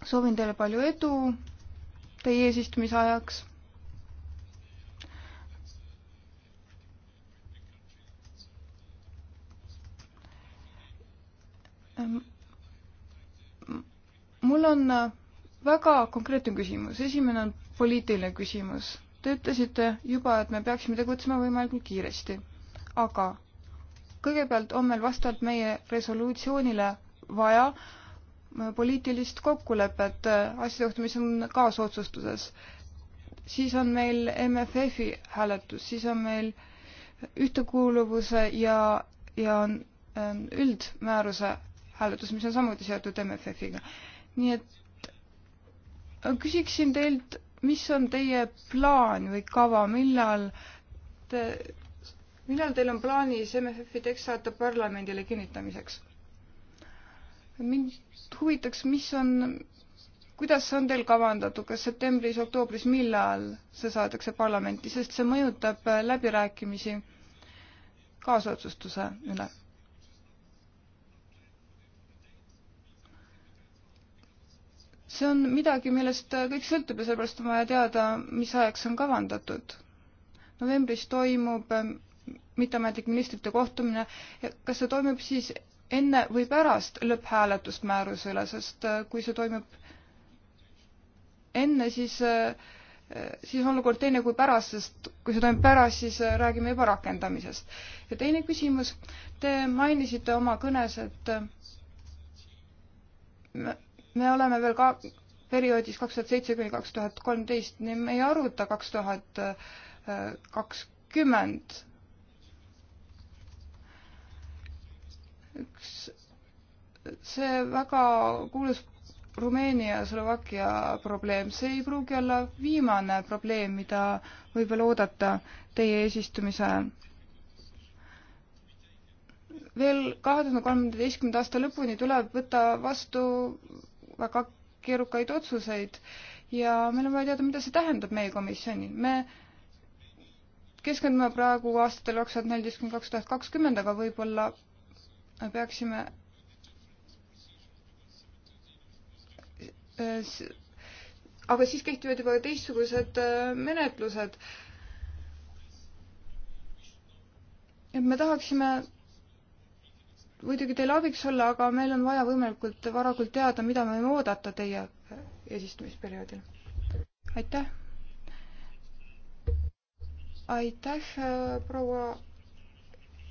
Speaker 3: soovin teile palju edu teie eesistumise ajaks. Ehm, mul on väga konkreetne küsimus, esimene on poliitiline küsimus. Te ütlesite juba, et me peaksime tegutsema võimalikult kiiresti, aga kõigepealt on meil vastavalt meie resolutsioonile vaja äh, poliitilist kokkulepet äh, asjade kohta, mis on kaasotsustuses. siis on meil MFF-i hääletus, siis on meil ühtekuuluvuse ja, ja äh, üldmääruse hääletus, mis on samuti seotud MFF-iga. nii et äh, küsiksin teilt, mis on teie plaan või kava, millal te, millal teil on plaanis MFF-i tekst saata parlamendile kinnitamiseks? mind huvitaks, mis on, kuidas see on teil kavandatud, kas septembris, oktoobris, millal see saadakse parlamenti, sest see mõjutab äh, läbirääkimisi kaasotsustuse üle? see on midagi, millest äh, kõik sõltub ja sellepärast on vaja teada, mis ajaks on kavandatud. novembris toimub äh, mitteametlik ministrite kohtumine ja kas see toimub siis enne või pärast lõpphääletust määruse üle, sest äh, kui see toimub enne, siis, äh, siis on olukord teine kui pärast, sest kui see toimub pärast, siis äh, räägime juba rakendamisest. ja teine küsimus, te mainisite oma kõnes, et me, me oleme veel ka perioodis kaks tuhat seitse kuni kaks tuhat kolmteist, nii me ei aruta kaks tuhat kakskümmend üks see väga kuulus Rumeenia ja Slovakkia probleem, see ei pruugi olla viimane probleem, mida võib-olla oodata teie eesistumise ajal. veel kahe tuhande kolmeteistkümnenda aasta lõpuni tuleb võtta vastu väga keerukaid otsuseid ja meil on vaja teada, mida see tähendab meie komisjonil. me keskendume praegu aastatel kaks tuhat neliteist kuni kaks tuhat kakskümmend, aga võib-olla peaksime äh, aga siis kehtivad juba teistsugused äh, menetlused. et me tahaksime muidugi teil abiks olla, aga meil on vaja võimalikult varakult teada, mida me võime oodata teie eesistumisperioodil. Äh, aitäh. aitäh, proua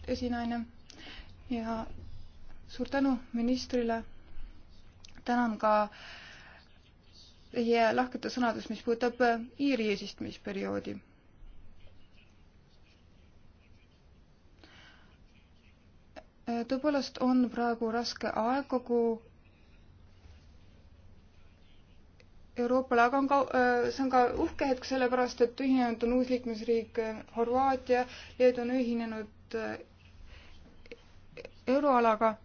Speaker 3: esinaine ja suur tänu ministrile. tänan ka teie lahkete sõnadest, mis puudutab äh, Iiri eesistumisperioodi. Äh, tõepoolest on praegu raske aeg kogu Euroopale, aga on ka, äh, see on ka uhke hetk, sellepärast et ühinenud on uus liikmesriik Horvaatia, Leedu on ühinenud euroalaga.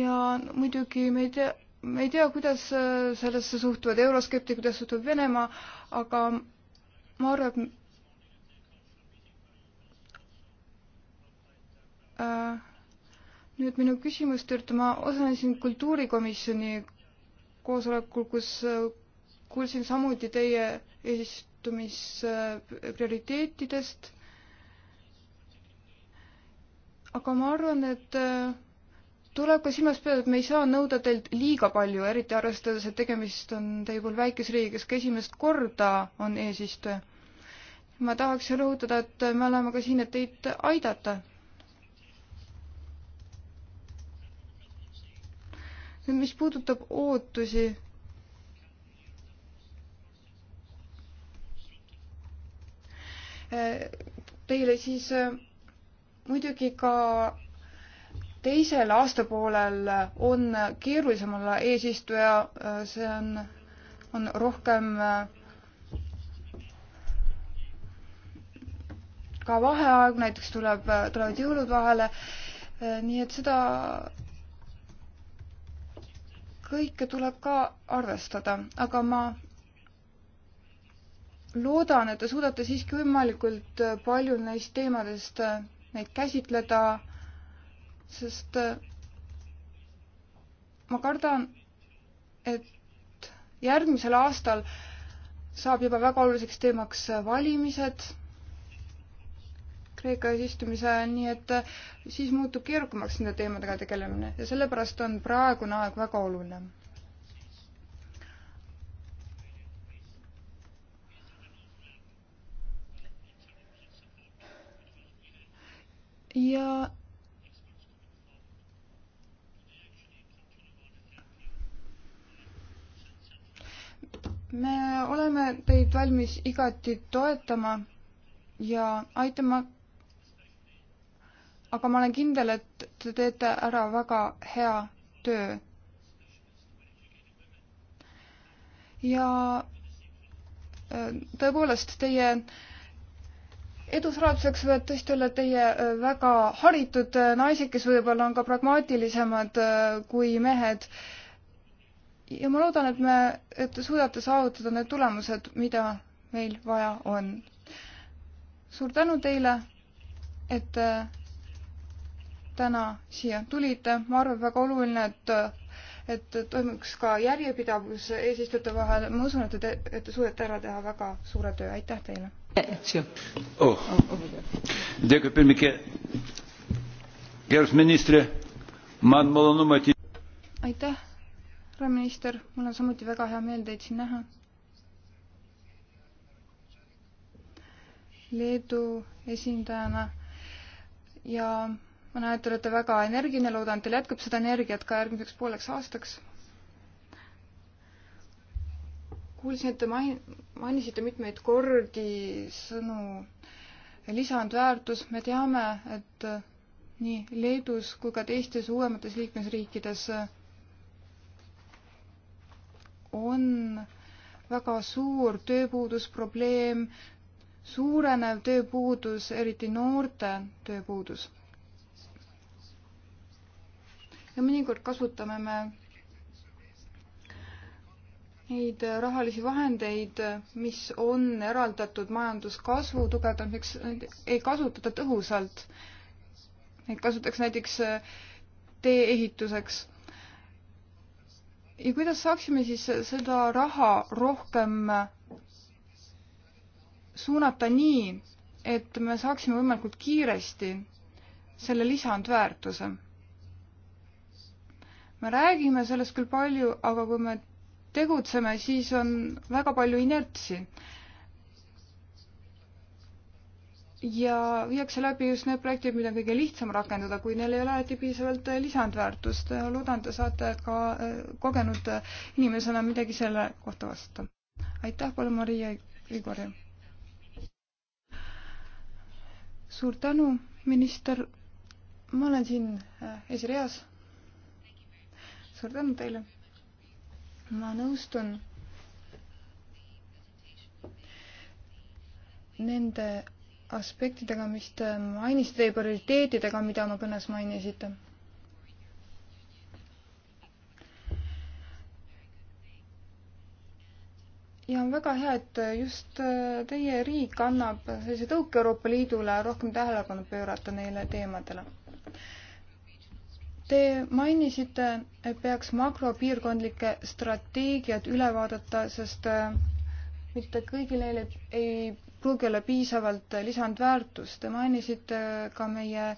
Speaker 3: ja muidugi me ei tea, me ei tea, kuidas äh, sellesse suhtuvad euroskeptikud, kuidas suhtub Venemaa, aga ma arvan, et äh, nüüd minu küsimuste juurde, ma osalesin kultuurikomisjoni koosolekul, kus äh, kuulsin samuti teie eest liitumisprioriteetidest. Äh, aga ma arvan, et äh, tuleb ka silmas pidada, et me ei saa nõuda teilt liiga palju, eriti arvestades, et tegemist on teie puhul väikese riigiga, kes ka esimest korda on eesistuja. ma tahaks rõhutada, et me oleme ka siin, et teid aidata nüüd mis puudutab ootusi, teile siis äh, muidugi ka teisel aastapoolel on keerulisem olla eesistuja, äh, see on, on rohkem äh, ka vaheaeg, näiteks tuleb, tulevad jõulud vahele, nii et seda kõike tuleb ka arvestada, aga ma loodan, et te suudate siiski võimalikult palju neist teemadest neid käsitleda, sest äh, ma kardan, et järgmisel aastal saab juba väga oluliseks teemaks valimised Kreeka eesistumise, nii et äh, siis muutub keerukamaks nende teemadega tegelemine ja sellepärast on praegune aeg väga oluline ja me oleme teid valmis igati toetama ja aitama. aga ma olen kindel, et te teete ära väga hea töö. ja äh, tõepoolest, teie äh, edu saladuseks võivad tõesti olla teie äh, väga haritud äh, naised, kes võib-olla on ka pragmaatilisemad äh, kui mehed. ja ma loodan, et me, et te suudate saavutada need tulemused, mida meil vaja on. suur tänu teile, et täna siia tulite, ma arvan, väga oluline, et et toimuks ka järjepidavus eesistujate vahel. ma usun, et te, et te suudate ära teha väga suure töö, aitäh teile.
Speaker 2: Oh. aitäh, härra
Speaker 3: minister, mul on samuti väga hea meel teid siin näha. Leedu esindajana ja ma näen, et te olete väga energiline, loodan, teil jätkub seda energiat ka järgmiseks pooleks aastaks. kuulsin, et te main-, mainisite mitmeid kordi sõnu lisandväärtus, me teame, et nii Leedus kui ka teistes uuemates liikmesriikides on väga suur tööpuudusprobleem, suurenev tööpuudus, eriti noorte tööpuudus ja mõnikord kasutame me neid rahalisi vahendeid, mis on eraldatud majanduskasvu tugevdamiseks, ei kasutata tõhusalt. Neid kasutatakse näiteks eh, tee-ehituseks. ja kuidas saaksime siis seda raha rohkem suunata nii, et me saaksime võimalikult kiiresti selle lisandväärtuse me räägime sellest küll palju, aga kui me tegutseme, siis on väga palju inertsi. ja viiakse läbi just need projektid, mida on kõige lihtsam rakendada, kui neil ei ole alati piisavalt äh, lisandväärtust. Äh, loodan, te saate ka äh, kogenud inimesena midagi selle kohta vastata. aitäh, palun, Maria Igor. suur tänu, minister. ma olen siin esireas suur tänu teile. ma nõustun nende aspektidega, mis te mainisite ja prioriteetidega, mida oma kõnes mainisite. ja on väga hea, et just teie riik annab sellise tõuke Euroopa Liidule rohkem tähelepanu pöörata neile teemadele Te mainisite, et peaks makropiirkondlikke strateegiad üle vaadata, sest äh, mitte kõigil neil ei pruugi olla piisavalt lisandväärtust. Te mainisite ka meie,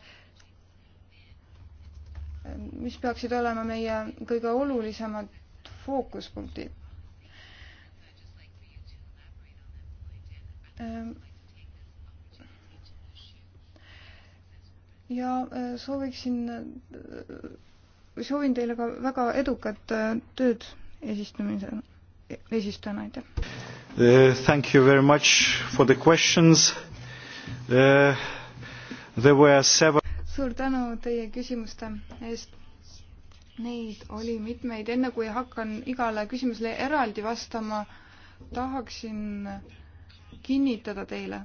Speaker 3: mis peaksid olema meie kõige olulisemad fookuspunktid. Äh, ja äh, sooviksin, äh, soovin teile ka väga edukat äh, tööd eesistumisel, eesistujana, aitäh uh,! Thank you very much for the questions uh,. There were several suur tänu teie küsimuste eest. Neid oli mitmeid, enne kui hakkan igale küsimusele eraldi vastama, tahaksin kinnitada teile,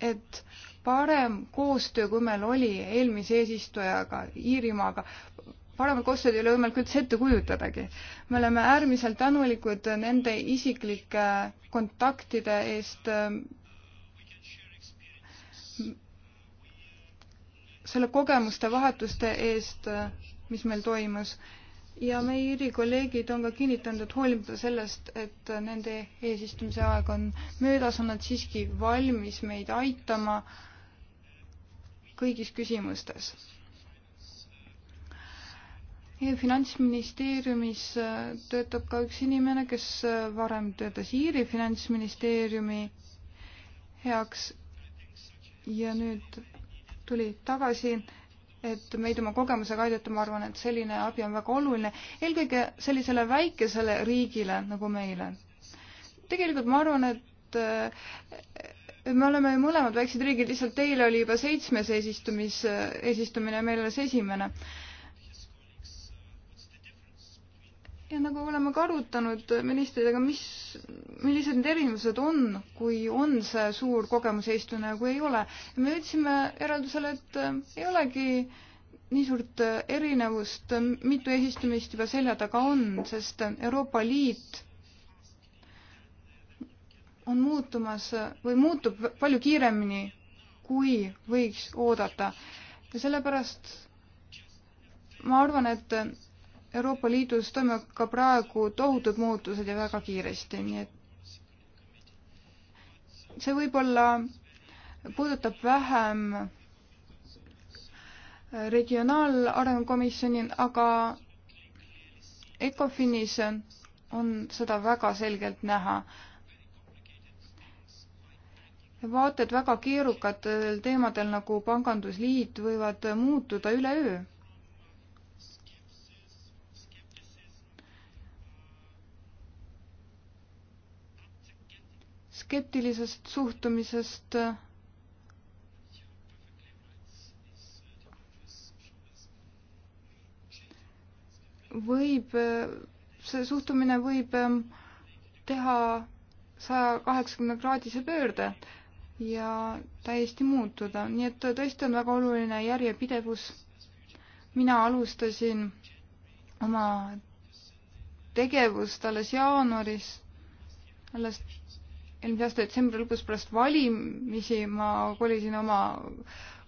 Speaker 3: et parem koostöö, kui meil oli eelmise eesistujaga, Iirimaaga, paremat koostööd ei ole võimalik üldse ette kujutadagi. me oleme äärmiselt tänulikud nende isiklike kontaktide eest, selle kogemuste vahetuste eest, mis meil toimus. ja meie Iiri kolleegid on ka kinnitanud, et hoolimata sellest, et nende eesistumise aeg on möödas, on nad siiski valmis meid aitama äh, kõigis küsimustes. finantsministeeriumis äh, töötab ka üks inimene, kes äh, varem töötas Iiri finantsministeeriumi heaks ja nüüd tuli tagasi, et meid oma kogemusega aidata, ma arvan, et selline abi on väga oluline, eelkõige sellisele väikesele riigile nagu meile. tegelikult ma arvan, et äh, me oleme ju mõlemad väiksed riigid, lihtsalt teil oli juba seitsmes eesistumis, eesistumine ja meil alles esimene. ja nagu oleme ka arutanud ministritega, mis, millised need erinevused on, kui on see suur kogemus eestumine ja kui ei ole. me jõudsime järeldusele, et äh, ei olegi nii suurt äh, erinevust, mitu eesistumist juba selja taga on, sest Euroopa Liit on muutumas või muutub palju kiiremini, kui võiks oodata. ja sellepärast ma arvan, et Euroopa Liidus toimuvad ka praegu tohutud muutused ja väga kiiresti, nii et see võib-olla puudutab vähem regionaalarengu komisjoni, aga ECOFINis on seda väga selgelt näha vaated väga keerukatel teemadel nagu pangandusliit võivad muutuda üleöö. skeptilisest suhtumisest võib, see suhtumine võib ehm, teha saja kaheksakümne kraadise pöörde ja täiesti muutuda, nii et tõesti on väga oluline järjepidevus. mina alustasin oma tegevust alles jaanuaris, alles eelmise aasta detsembri lõpus pärast valimisi ma kolisin oma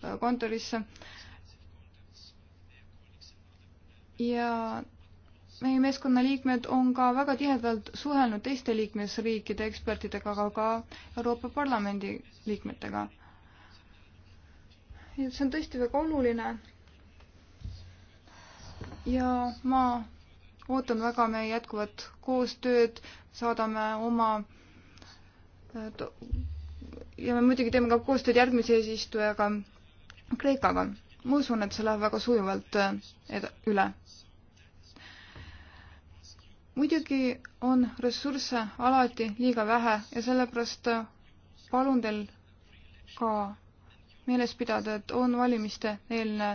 Speaker 3: äh, kontorisse. ja meie meeskonna liikmed on ka väga tihedalt suhelnud teiste liikmesriikide ekspertidega, aga ka Euroopa Parlamendi liikmetega. nii et see on tõesti väga oluline. ja ma ootan väga meie jätkuvat koostööd, saadame oma äh, ja me muidugi teeme ka koostööd järgmise eesistujaga Kreekaga. ma usun, et see läheb väga sujuvalt äh, üle muidugi on ressursse alati liiga vähe ja sellepärast palun teil ka meeles pidada, et on valimiste eelne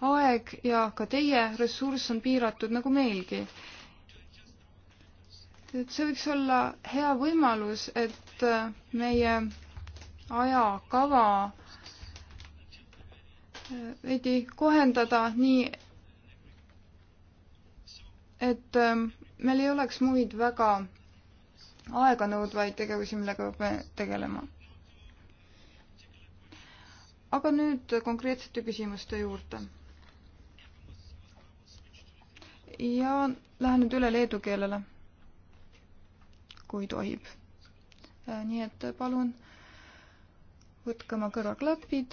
Speaker 3: aeg ja ka teie ressurss on piiratud nagu meilgi. et see võiks olla hea võimalus, et meie ajakava veidi kohendada nii, et meil ei oleks muid väga aeganõudvaid tegevusi, millega peame tegelema. aga nüüd konkreetsete küsimuste juurde. ja lähen nüüd üle leedu keelele, kui tohib. Äh, nii et palun võtke oma kõrvaklapid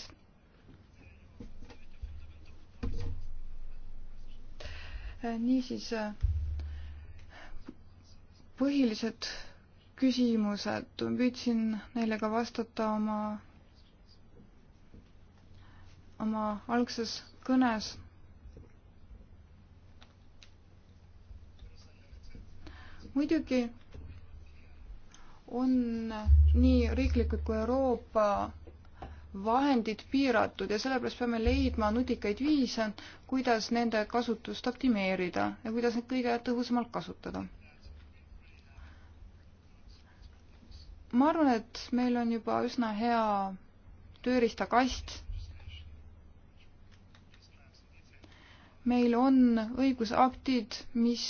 Speaker 3: äh, niisiis äh, põhilised küsimused, püüdsin neile ka vastata oma, oma algses kõnes. muidugi on nii riiklikud kui Euroopa vahendid piiratud ja sellepärast peame leidma nutikaid viise, kuidas nende kasutust optimeerida ja kuidas neid kõige tõhusamalt kasutada ma arvan, et meil on juba üsna hea tööriistakast. meil on õigusaktid, mis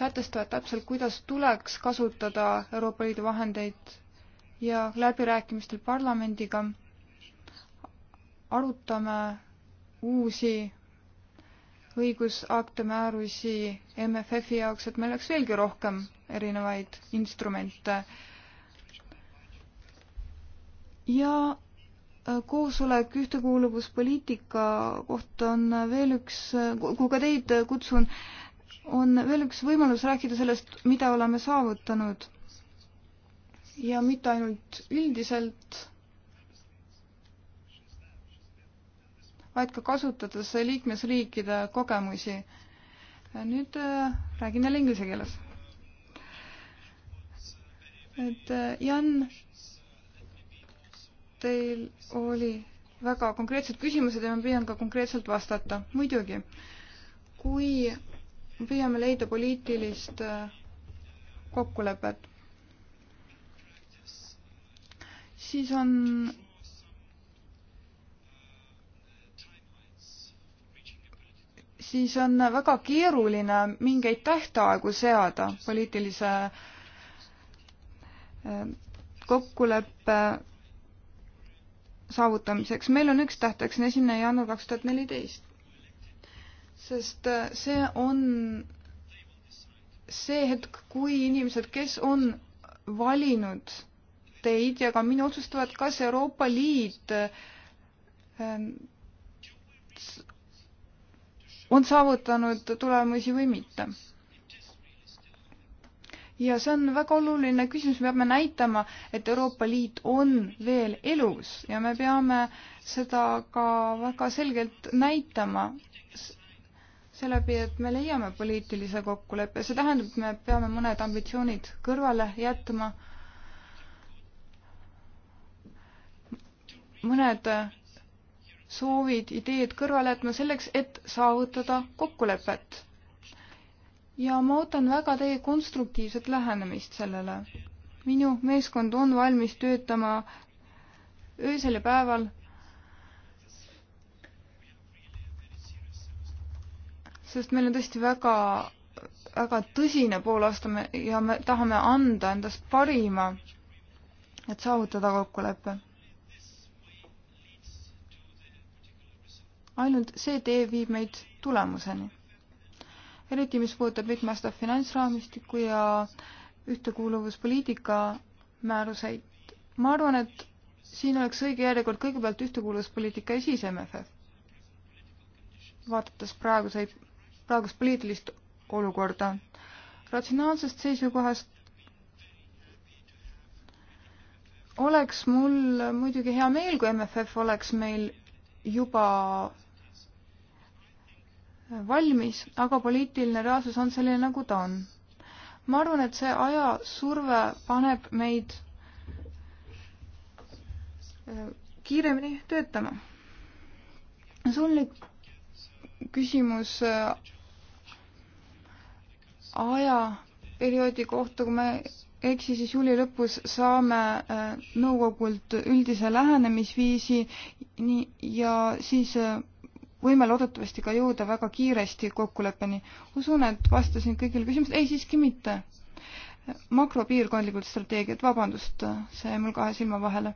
Speaker 3: sätestavad täpselt, kuidas tuleks kasutada Euroopa Liidu vahendeid ja läbirääkimistel parlamendiga arutame uusi õigusakte, määrusi MFF-i jaoks, et meil oleks veelgi rohkem erinevaid instrumente äh, ja äh, koosolek ühtekuuluvuspoliitika kohta on äh, veel üks, äh, kuhu ka teid kutsun, on veel üks võimalus rääkida sellest, mida oleme saavutanud. ja mitte ainult üldiselt, vaid ka kasutades liikmesriikide kogemusi. nüüd räägin jälle inglise keeles. et Jan teil oli väga konkreetsed küsimused ja ma püüan ka konkreetselt vastata. muidugi, kui me püüame leida poliitilist äh, kokkulepet, siis on siis on väga keeruline mingeid tähtaegu seada poliitilise äh, kokkuleppe saavutamiseks. meil on üks tähtaeg, see on esimene jaanuar kaks tuhat neliteist. sest äh, see on see hetk, kui inimesed, kes on valinud teid ja ka minu otsustavad, kas Euroopa Liit äh, on saavutanud tulemusi või mitte ja see on väga oluline küsimus, me peame näitama, et Euroopa Liit on veel elus ja me peame seda ka väga selgelt näitama seeläbi, et me leiame poliitilise kokkuleppe, see tähendab, et me peame mõned ambitsioonid kõrvale jätma, mõned soovid, ideed kõrvale jätma selleks, et saavutada kokkulepet ja ma ootan väga teie konstruktiivset lähenemist sellele. minu meeskond on valmis töötama öösel ja päeval sest meil on tõesti väga, väga tõsine poolaasta ja me tahame anda endast parima, et saavutada kokkulepe. ainult see tee viib meid tulemuseni eriti mis puudutab mitmeaasta finantsraamistikku ja ühtekuuluvuspoliitika määruseid. ma arvan, et siin oleks õige järjekord kõigepealt ühtekuuluvuspoliitika ja siis MFF. vaadates praeguseid, praegust poliitilist olukorda. ratsionaalsest seisukohast oleks mul muidugi hea meel, kui MFF oleks meil juba valmis, aga poliitiline reaalsus on selline, nagu ta on. ma arvan, et see ajasurve paneb meid äh, kiiremini töötama. sul oli küsimus äh, ajaperioodi kohta, kui me eksi, siis juuli lõpus saame äh, nõukogult üldise lähenemisviisi nii, ja siis võime loodetavasti ka jõuda väga kiiresti kokkuleppeni. usun, et vastasin kõigile küsimustele, ei siiski mitte. makropiirkondlikud strateegiad, vabandust, see jäi mul kahe silma vahele.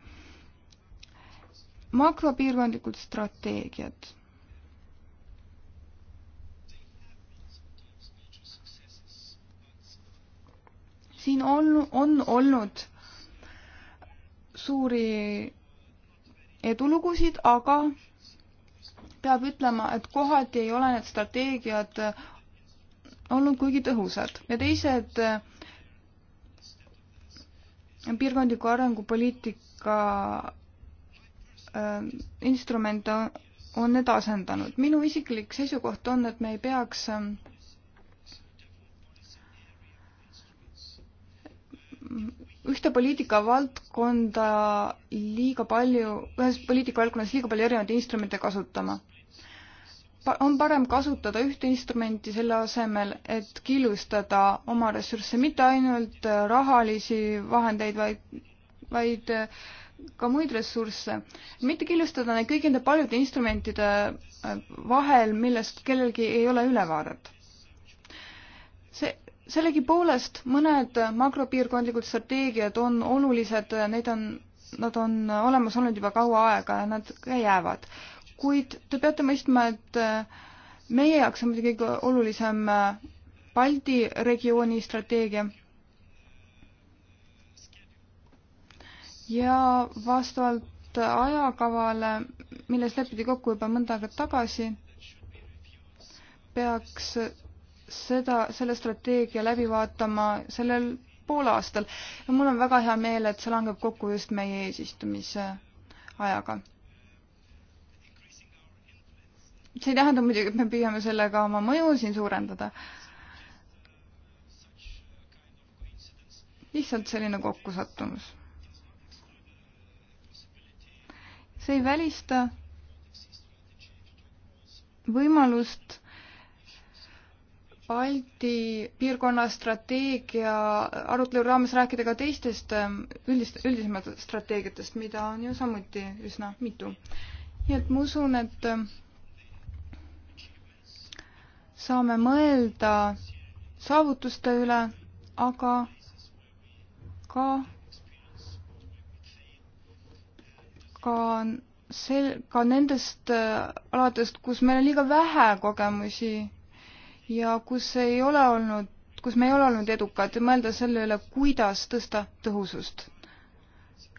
Speaker 3: makropiirkondlikud strateegiad. siin on, on olnud suuri edulugusid, aga peab ütlema, et kohati ei ole need strateegiad olnud kuigi tõhusad ja teised äh, piirkondliku arengupoliitika äh, instrumente on need asendanud. minu isiklik seisukoht on, et me ei peaks äh, ühte poliitikavaldkonda liiga palju, ühes poliitikavaldkonnas liiga palju erinevaid instrumente kasutama pa. on parem kasutada ühte instrumenti selle asemel, et killustada oma ressursse, mitte ainult rahalisi vahendeid, vaid, vaid ka muid ressursse. mitte killustada neid kõigi nende paljude instrumentide äh, vahel, millest kellelgi ei ole ülevaadet see, sellegipoolest mõned makropiirkondlikud strateegiad on olulised, neid on, nad on olemas olnud juba kaua aega ja nad ka jäävad. kuid te peate mõistma, et äh, meie jaoks on muidugi kõige olulisem äh, Balti regiooni strateegia. ja vastavalt ajakavale, milles lepiti kokku juba mõnda aega tagasi, peaks seda, selle strateegia läbi vaatama sellel poolaastal ja mul on väga hea meel, et see langeb kokku just meie eesistumise ajaga. see ei tähenda muidugi, et me püüame sellega oma mõju siin suurendada. lihtsalt selline kokkusattumus. see ei välista võimalust Balti piirkonna strateegia arutelu raames rääkida ka teistest ähm, üldist, üldisematest strateegiatest, mida on ju samuti üsna mitu. nii et ma usun, et ähm, saame mõelda saavutuste üle, aga ka, ka sel-, ka nendest äh, aladest, kus meil on liiga vähe kogemusi ja kus ei ole olnud, kus me ei ole olnud edukad ja mõelda selle üle, kuidas tõsta tõhusust.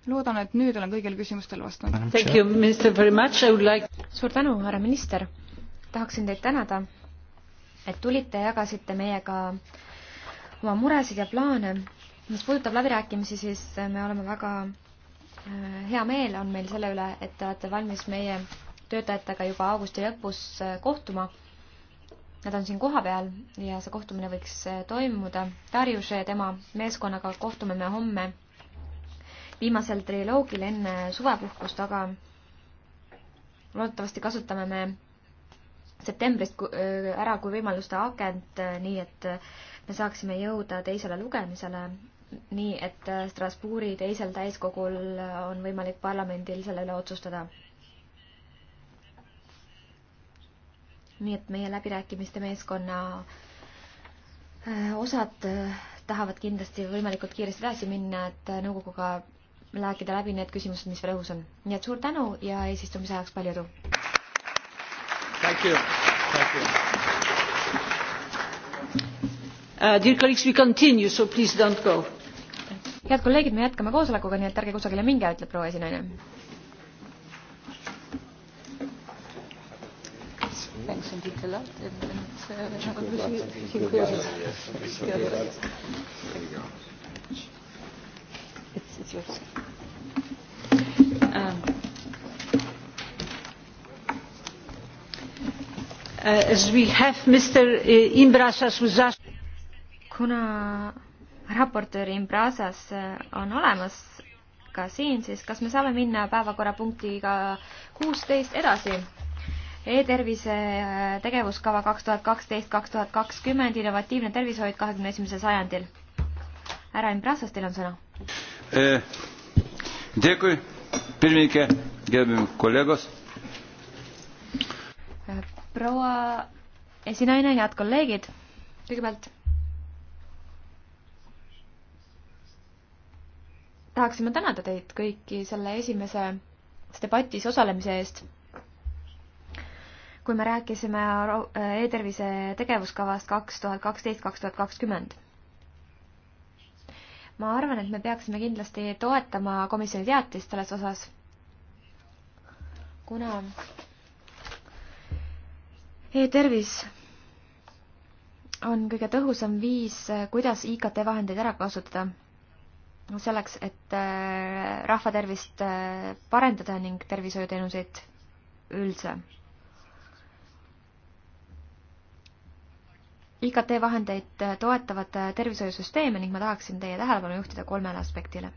Speaker 3: loodan, et nüüd olen kõigile küsimustele vastanud. Like...
Speaker 2: suur tänu, härra minister. tahaksin teid tänada, et tulite, jagasite meiega oma muresid ja plaane. mis puudutab läbirääkimisi, siis me oleme väga äh, hea meel on meil selle üle, et te olete valmis meie töötajatega juba augusti lõpus äh, kohtuma Nad on siin kohapeal ja see kohtumine võiks eh, toimuda. Darjuse ja tema meeskonnaga kohtume me homme viimasel triloogil enne suvepuhkust, aga loodetavasti kasutame me septembrist eh, ära kui võimaluste agent, eh, nii et me saaksime jõuda teisele lugemisele, nii et Strasbourgi teisel täiskogul on võimalik parlamendil selle üle otsustada nii et meie läbirääkimiste meeskonna äh, osad äh, tahavad kindlasti võimalikult kiiresti edasi minna, et äh, nõukoguga rääkida läbi need küsimused, mis veel õhus on. nii et suur tänu ja eesistumise ajaks palju edu! Uh, head kolleegid, me jätkame koosolekuga, nii et ärge kusagile minge, ütleb proua esinaine. thanks indeed a lot. And, and, uh, dziękuję bardzo. Dziękuję bardzo. Dziękuję bardzo. It's, it's yours. Um, uh, as we have Mr. Uh, Imbrasas with us. kuna raportöör Imbrasas uh, on olemas ka siin, siis kas me saame minna päevakorrapunktiga kuusteist edasi? E-tervise äh, tegevuskava kaks tuhat kaksteist, kaks tuhat kakskümmend, innovatiivne tervishoid kahekümne esimesel sajandil. härra Imbrassos, teil on sõna.
Speaker 3: Eh, Dėkui, pirmininkė, gerbim kolegos.
Speaker 2: Äh, proua esinaine, head kolleegid, kõigepealt tahaksime tänada teid kõiki selle esimeses debatis osalemise eest kui me rääkisime äh, e-tervise tegevuskavast kaks tuhat kaksteist, kaks tuhat kakskümmend. ma arvan, et me peaksime kindlasti toetama komisjoni teatist selles osas, kuna e-tervis on kõige tõhusam viis, kuidas IKT vahendeid ära kasutada. selleks, et äh, rahva tervist äh, parendada ning tervishoiuteenuseid üldse IKT vahendeid toetavad tervishoiusüsteeme ning ma tahaksin teie tähelepanu juhtida kolmele aspektile.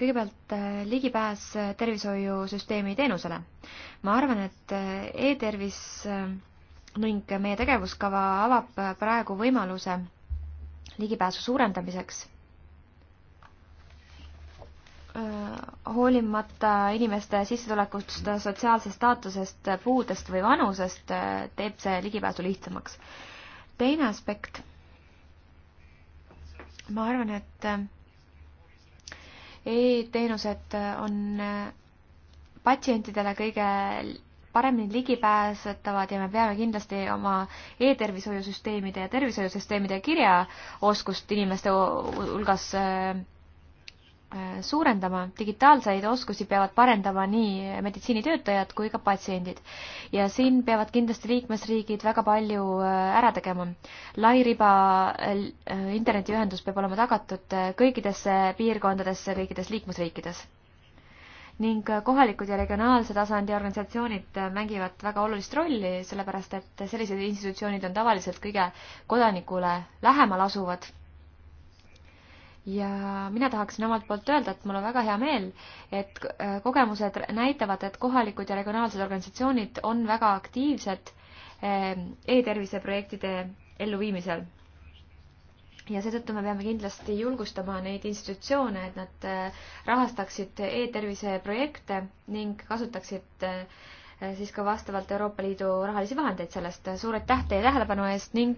Speaker 2: kõigepealt eh, ligipääs eh, tervishoiusüsteemi teenusele. ma arvan, et eh, e-tervis ning meie tegevuskava avab praegu võimaluse ligipääsu suurendamiseks Äh, hoolimata inimeste sissetulekust, sotsiaalsest staatusest, puudest või vanusest, äh, teeb see ligipääsu lihtsamaks. teine aspekt, ma arvan, et äh, e-teenused on patsientidele kõige paremini ligipääsetavad ja me peame kindlasti oma e-tervishoiusüsteemide ja tervishoiusüsteemide kirjaoskust inimeste hulgas Äh, suurendama, digitaalseid oskusi peavad parendama nii meditsiinitöötajad kui ka patsiendid. ja siin peavad kindlasti liikmesriigid väga palju äh, ära tegema. lairiba äh, internetiühendus peab olema tagatud kõikidesse piirkondadesse, kõikides liikmesriikides. ning kohalikud ja regionaalse tasandi organisatsioonid mängivad väga olulist rolli, sellepärast et sellised institutsioonid on tavaliselt kõige kodanikule lähemal asuvad ja mina tahaksin omalt poolt öelda, et mul on väga hea meel, et äh, kogemused näitavad, et kohalikud ja regionaalsed organisatsioonid on väga aktiivsed ähm, e-tervise projektide elluviimisel. ja seetõttu me peame kindlasti julgustama neid institutsioone, et nad äh, rahastaksid e-tervise projekte ning kasutaksid äh, siis ka vastavalt Euroopa Liidu rahalisi vahendeid sellest. suur aitäh teie tähelepanu eest ning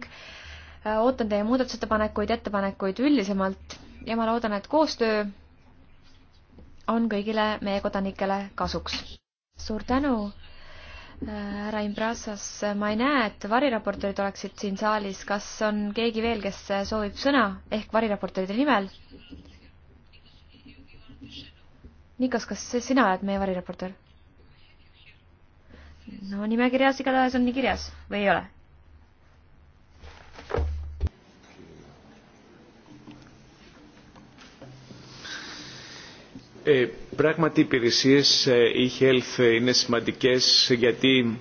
Speaker 2: ootan teie muudatusettepanekuid, ettepanekuid üldisemalt ja ma loodan, et koostöö on kõigile meie kodanikele kasuks. suur tänu, äh, härra Imbrasas, ma ei näe, et variraportorid oleksid siin saalis, kas on keegi veel, kes soovib sõna ehk variraportoride nimel? Nikos, kas sina oled meie variraportor? no nimekirjas igatahes on nii kirjas või ei ole?
Speaker 3: Ε, πράγματι οι υπηρεσίες e-health είναι σημαντικές γιατί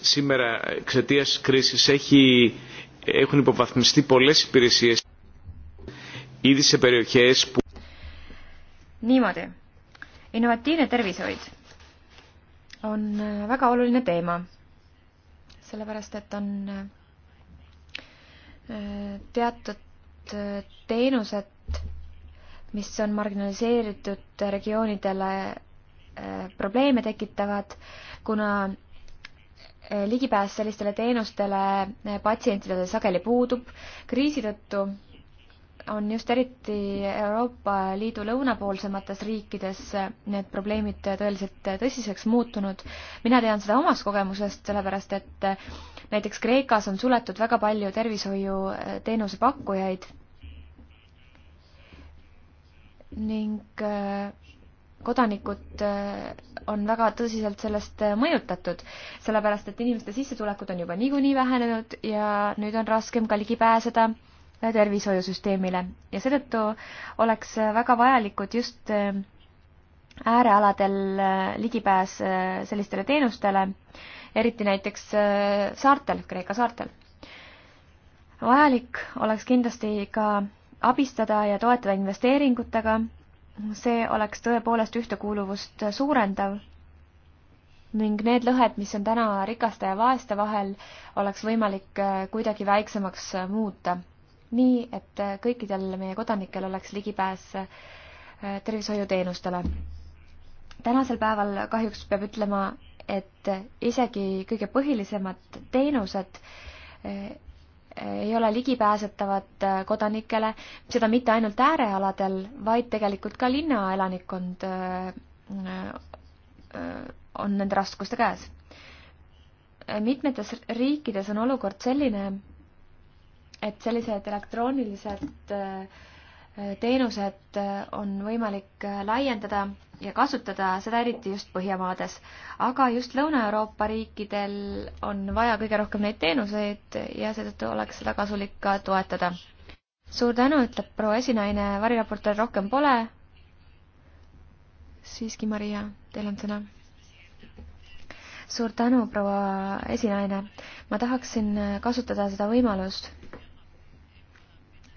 Speaker 3: σήμερα εξαιτία κρίσης έχει, έχουν υποβαθμιστεί πολλές υπηρεσίες ήδη σε περιοχές που...
Speaker 2: Niimoodi. Innovatiivne tervishoid on äh, väga oluline teema, sellepärast et on äh, teatud äh, teenused mis on marginaliseeritud regioonidele äh, probleeme tekitavad, kuna äh, ligipääs sellistele teenustele äh, patsientidele sageli puudub. kriisi tõttu on just eriti Euroopa Liidu lõunapoolsemates riikides need probleemid tõeliselt tõsiseks muutunud. mina tean seda omast kogemusest, sellepärast et näiteks Kreekas on suletud väga palju tervishoiuteenuse pakkujaid ning äh, kodanikud äh, on väga tõsiselt sellest äh, mõjutatud, sellepärast et inimeste sissetulekud on juba niikuinii vähenenud ja nüüd on raskem ka ligi pääseda tervishoiusüsteemile ja seetõttu oleks väga vajalikud just äärealadel ligipääs sellistele teenustele, eriti näiteks saartel, Kreeka saartel. vajalik oleks kindlasti ka abistada ja toetada investeeringutega, see oleks tõepoolest ühtekuuluvust suurendav ning need lõhed, mis on täna rikaste ja vaeste vahel, oleks võimalik äh, kuidagi väiksemaks äh, muuta. nii, et äh, kõikidel meie kodanikel oleks ligipääs tervishoiuteenustele. tänasel päeval kahjuks peab ütlema, et isegi kõige põhilisemad teenused ei ole ligipääsetavad äh, kodanikele, seda mitte ainult äärealadel, vaid tegelikult ka linnaelanikkond äh, äh, on nende raskuste käes. mitmetes riikides on olukord selline, et sellised elektroonilised teenused on võimalik laiendada ja kasutada seda eriti just Põhjamaades. aga just Lõuna-Euroopa riikidel on vaja kõige rohkem neid teenuseid ja seetõttu oleks seda kasulik ka toetada. suur tänu, ütleb proua esinaine, variraportööri rohkem pole. siiski, Maria, teil on sõna suur tänu, proua esinaine. ma tahaksin kasutada seda võimalust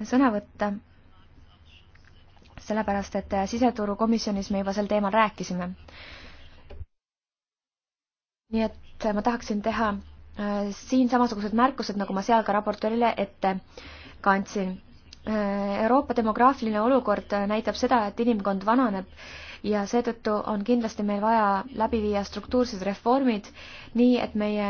Speaker 2: sõna võtta sellepärast et siseturukomisjonis me juba sel teemal rääkisime. nii et ma tahaksin teha äh, siin samasugused märkused, nagu ma seal ka raportöörile ette kandsin. Äh, Euroopa demograafiline olukord äh, näitab seda, et inimkond vananeb ja seetõttu on kindlasti meil vaja läbi viia struktuursed reformid, nii et meie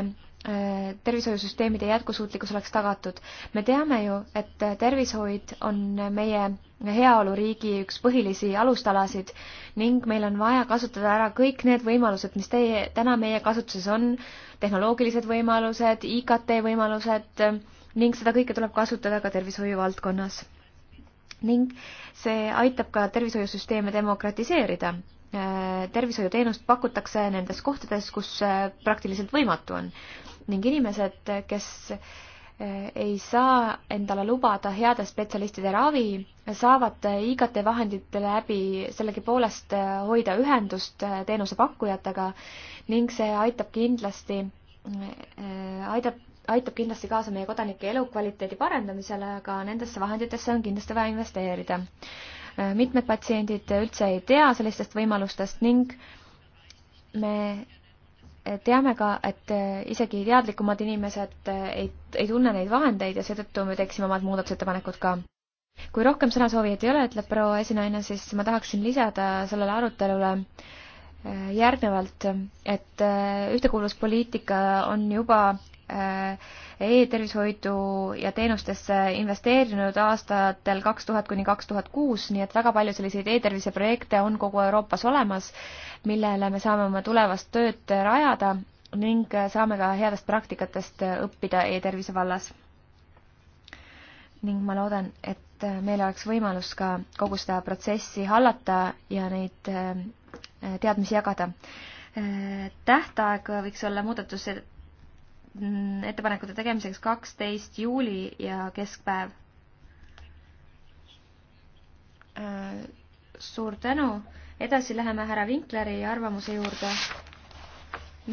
Speaker 2: tervishoiusüsteemide jätkusuutlikkus oleks tagatud. me teame ju, et tervishoid on meie heaoluriigi üks põhilisi alustalasid ning meil on vaja kasutada ära kõik need võimalused, mis teie, täna meie kasutuses on, tehnoloogilised võimalused, IKT võimalused ning seda kõike tuleb kasutada ka tervishoiu valdkonnas. ning see aitab ka tervishoiusüsteeme demokratiseerida. tervishoiuteenust pakutakse nendes kohtades, kus praktiliselt võimatu on ning inimesed, kes eh, ei saa endale lubada heade spetsialistide ravi, saavad IKT vahendite läbi sellegipoolest eh, hoida ühendust eh, teenusepakkujatega ning see aitab kindlasti, aitab, aitab kindlasti kaasa meie kodanike elukvaliteedi parendamisele, aga nendesse vahenditesse on kindlasti vaja investeerida. mitmed patsiendid üldse ei tea sellistest võimalustest ning me teame ka, et äh, isegi teadlikumad inimesed äh, ei, ei tunne neid vahendeid ja seetõttu me teeksime omad muudatusettepanekud ka. kui rohkem sõnasoovijaid ei ole, ütleb proua esinaine, siis ma tahaksin lisada sellele arutelule äh, järgnevalt, et ühtekuuluvuspoliitika on juba äh, e-tervishoidu ja teenustesse investeerinud aastatel kaks tuhat kuni kaks tuhat kuus, nii et väga palju selliseid e-tervise projekte on kogu Euroopas olemas, millele me saame oma tulevast tööd rajada ning saame ka headest praktikatest õppida e-tervise vallas. ning ma loodan, et meil oleks võimalus ka kogu seda protsessi hallata ja neid äh, teadmisi jagada äh, tähtaeg võiks olla muudatused Mm, ettepanekute tegemiseks kaksteist juuli ja keskpäev. Äh, suur tänu, edasi läheme härra Vinkleri arvamuse juurde,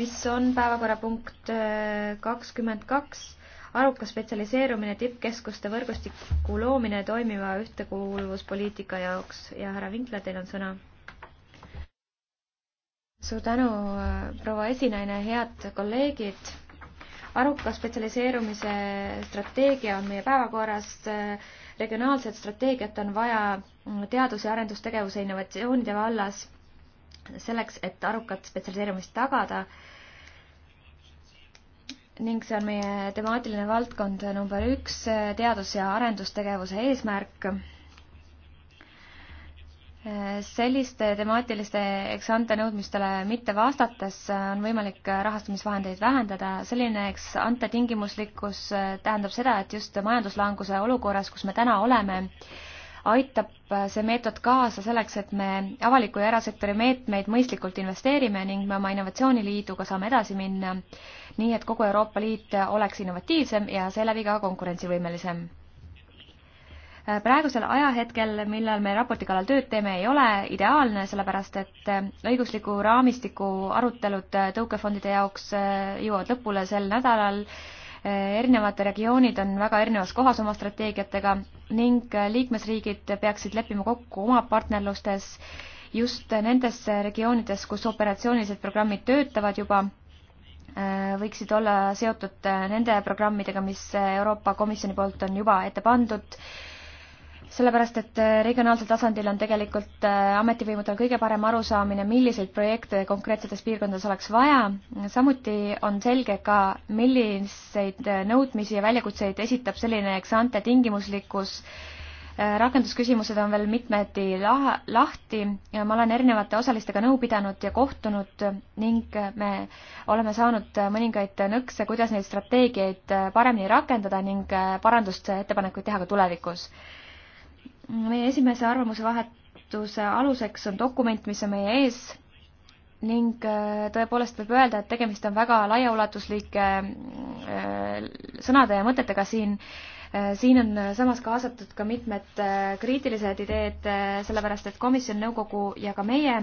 Speaker 2: mis on päevakorrapunkt äh, kakskümmend kaks, arukas spetsialiseerumine tippkeskuste võrgustiku loomine toimiva ühtekuuluvuspoliitika jaoks ja härra Vinkler, teil on sõna suur tänu, äh, proua esinaine, head kolleegid aruka spetsialiseerumise strateegia on meie päevakorras. regionaalset strateegiat on vaja teadus- ja arendustegevuse innovatsioonide vallas selleks, et arukat spetsialiseerumist tagada. ning see on meie temaatiline valdkond number üks, teadus- ja arendustegevuse eesmärk selliste temaatiliste eksante nõudmistele mitte vastates on võimalik rahastamisvahendeid vähendada. selline eksante tingimuslikkus tähendab seda, et just majanduslanguse olukorras, kus me täna oleme, aitab see meetod kaasa selleks, et me avaliku ja erasektori meetmeid mõistlikult investeerime ning me oma innovatsiooniliiduga saame edasi minna, nii et kogu Euroopa Liit oleks innovatiivsem ja seeläbi ka konkurentsivõimelisem praegusel ajahetkel, millal me raporti kallal tööd teeme, ei ole ideaalne, sellepärast et äh, õigusliku raamistiku arutelud äh, tõukefondide jaoks äh, jõuavad lõpule sel nädalal. erinevad regioonid on väga erinevas kohas oma strateegiatega ning liikmesriigid peaksid leppima kokku oma partnerlustes just nendes regioonides, kus operatsioonilised programmid töötavad juba võiksid olla seotud nende programmidega, mis Euroopa Komisjoni poolt on juba ette pandud sellepärast, et äh, regionaalsel tasandil on tegelikult äh, ametivõimudel kõige parem arusaamine, milliseid projekte konkreetsetes piirkondades oleks vaja. samuti on selge ka, milliseid äh, nõudmisi ja väljakutseid esitab selline eksante tingimuslikkus. rakendusküsimused on veel mitmeti laha, lahti. ma olen erinevate osalistega nõu pidanud ja kohtunud ning me oleme saanud mõningaid nõkse, kuidas neid strateegiaid paremini rakendada ning paranduste ettepanekuid teha ka tulevikus meie esimese arvamuse vahetuse aluseks on dokument, mis on meie ees ning äh, tõepoolest võib öelda, et tegemist on väga laiaulatuslike äh, sõnade ja mõtetega siin. Äh, siin on samas kaasatud ka mitmed kriitilised ideed, sellepärast et komisjon, nõukogu ja ka meie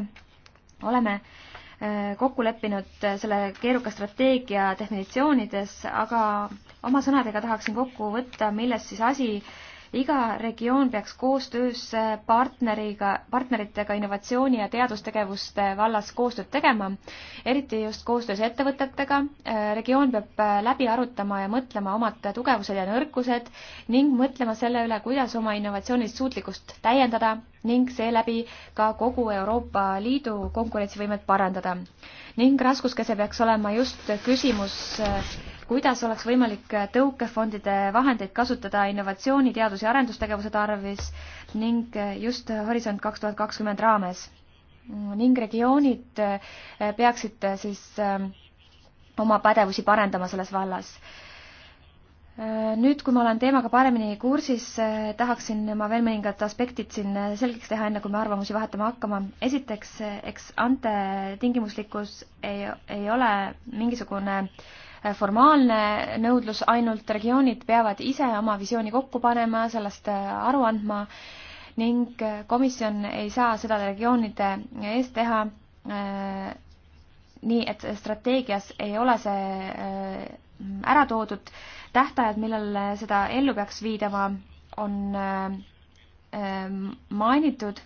Speaker 2: oleme kokku leppinud selle keeruka strateegia definitsioonides, aga oma sõnadega tahaksin kokku võtta, milles siis asi äh, iga regioon peaks koostöös äh, partneriga, partneritega innovatsiooni ja teadustegevuste vallas koostööd tegema, eriti just koostöös ettevõtetega. Äh, regioon peab äh, läbi arutama ja mõtlema omad tugevused ja nõrkused ning mõtlema selle üle, kuidas oma innovatsioonilist suutlikkust täiendada ning seeläbi ka kogu Euroopa Liidu konkurentsivõimet parandada. ning raskuskese peaks olema just küsimus kuidas oleks võimalik tõukefondide vahendeid kasutada innovatsiooni, teadus- ja arendustegevuse tarvis ning just Horisont kaks tuhat kakskümmend raames. ning regioonid eh, peaksid eh, siis eh, oma pädevusi parendama selles vallas Nüüd, kui ma olen teemaga paremini kursis, tahaksin ma veel mõningad aspektid siin selgeks teha, enne kui me arvamusi vahetama hakkama. esiteks, eks ante tingimuslikkus ei, ei ole mingisugune äh, Äh, formaalne nõudlus, ainult regioonid peavad ise oma visiooni kokku panema, sellest äh, aru andma ning äh, komisjon ei saa seda regioonide eest teha nii, et strateegias ei ole see ära toodud. tähtajad, millal seda ellu peaks viidama, on mainitud.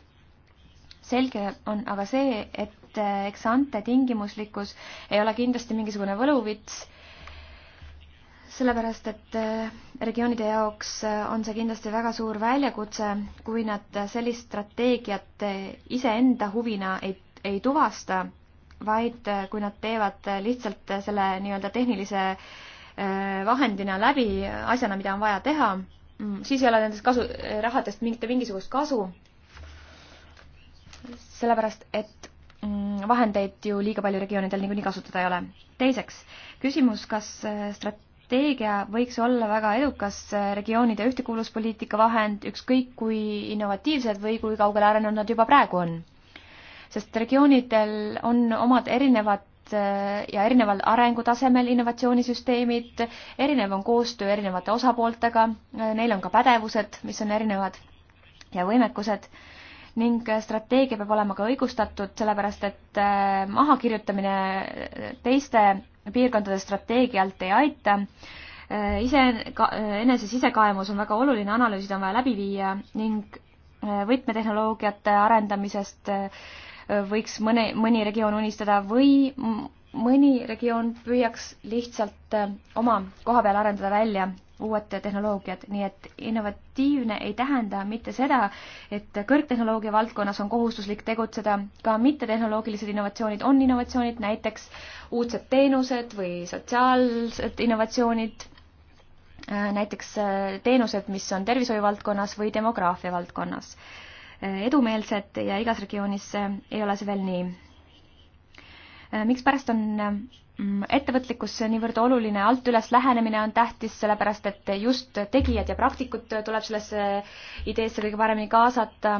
Speaker 2: selge on aga see, et eksante tingimuslikkus ei ole kindlasti mingisugune võluvits sellepärast, et äh, regioonide jaoks äh, on see kindlasti väga suur väljakutse, kui nad sellist strateegiat äh, iseenda huvina ei, ei tuvasta, vaid kui nad teevad lihtsalt selle nii-öelda tehnilise vahendina läbi asjana, mida on vaja teha, mm, siis ei ole nendest kasu, rahadest mitte mingisugust kasu. sellepärast, et mm, vahendeid ju liiga palju regioonidel niikuinii kasutada ei ole. teiseks, küsimus, kas strat-, strateegia võiks olla väga edukas äh, regioonide ühtekuuluvuspoliitika vahend, ükskõik kui innovatiivsed või kui kaugele arenenud nad juba praegu on. sest regioonidel on omad erinevad äh, ja erineval arengutasemel innovatsioonisüsteemid, erinev on koostöö erinevate osapooltega, äh, neil on ka pädevused, mis on erinevad, ja võimekused ning strateegia peab olema ka õigustatud, sellepärast et mahakirjutamine teiste piirkondade strateegialt ei aita. Äh, ise, äh, enese sisekaemus on väga oluline, analüüsid on vaja läbi viia ning äh, võtmetehnoloogiate arendamisest võiks mõne, mõni regioon unistada või mõni regioon püüaks lihtsalt oma koha peal arendada välja uued tehnoloogiad, nii et innovatiivne ei tähenda mitte seda, et kõrgtehnoloogia valdkonnas on kohustuslik tegutseda, ka mittetehnoloogilised innovatsioonid on innovatsioonid, näiteks uudsed teenused või sotsiaalsed innovatsioonid, äh, näiteks äh, teenused, mis on tervishoiu valdkonnas või demograafia valdkonnas. Äh, edumeelsed ja igas regioonis ei ole see veel nii. mikspärast on Mm, ettevõtlikkus niivõrd oluline, alt üles lähenemine on tähtis, sellepärast et just tegijad ja praktikud tuleb sellesse ideesse kõige paremini kaasata.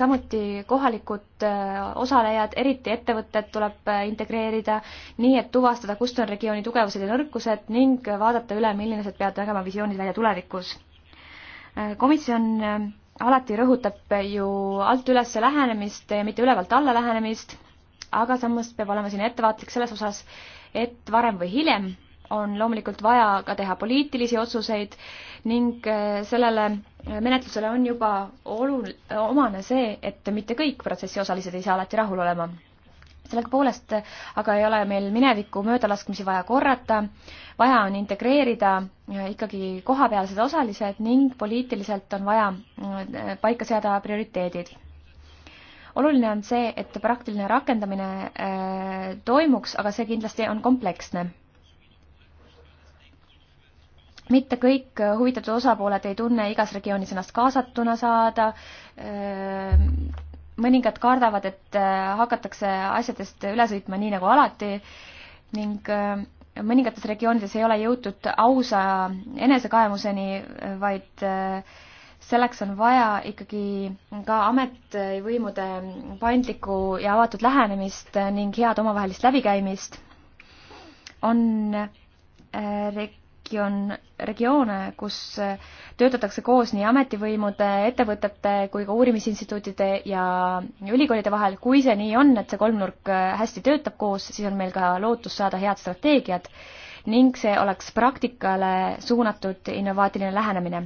Speaker 2: samuti kohalikud äh, osalejad, eriti ettevõtted, tuleb äh, integreerida nii, et tuvastada, kust on regiooni tugevused ja nõrkused ning vaadata üle, millised peavad nägema visioonid välja tulevikus. Äh, komisjon alati rõhutab ju alt üles lähenemist ja mitte ülevalt alla lähenemist aga samas peab olema siin ettevaatlik selles osas, et varem või hiljem on loomulikult vaja ka teha poliitilisi otsuseid ning äh, sellele menetlusele on juba olu-, omane see, et mitte kõik protsessi osalised ei saa alati rahul olema. sellegipoolest aga ei ole meil mineviku möödalaskmisi vaja korrata, vaja on integreerida äh, ikkagi kohapealsed osalised ning poliitiliselt on vaja äh, paika seada prioriteedid oluline on see, et praktiline rakendamine äh, toimuks, aga see kindlasti on kompleksne. mitte kõik äh, huvitatud osapooled ei tunne igas regioonis ennast kaasatuna saada, äh, mõningad kardavad, et hakatakse asjadest üle sõitma nii nagu alati ning mõningates regioonides ei ole jõutud ausa enesekaemuseni, vaid äh, selleks on vaja ikkagi ka ametivõimude paindlikku ja avatud lähenemist ning head omavahelist läbikäimist. on äh, regioon, regioone, kus äh, töötatakse koos nii ametivõimude, ettevõtete kui ka uurimisinstituutide ja ülikoolide vahel. kui see nii on, et see kolmnurk äh, hästi töötab koos, siis on meil ka lootus saada head strateegiad ning see oleks praktikale suunatud innovaatiline lähenemine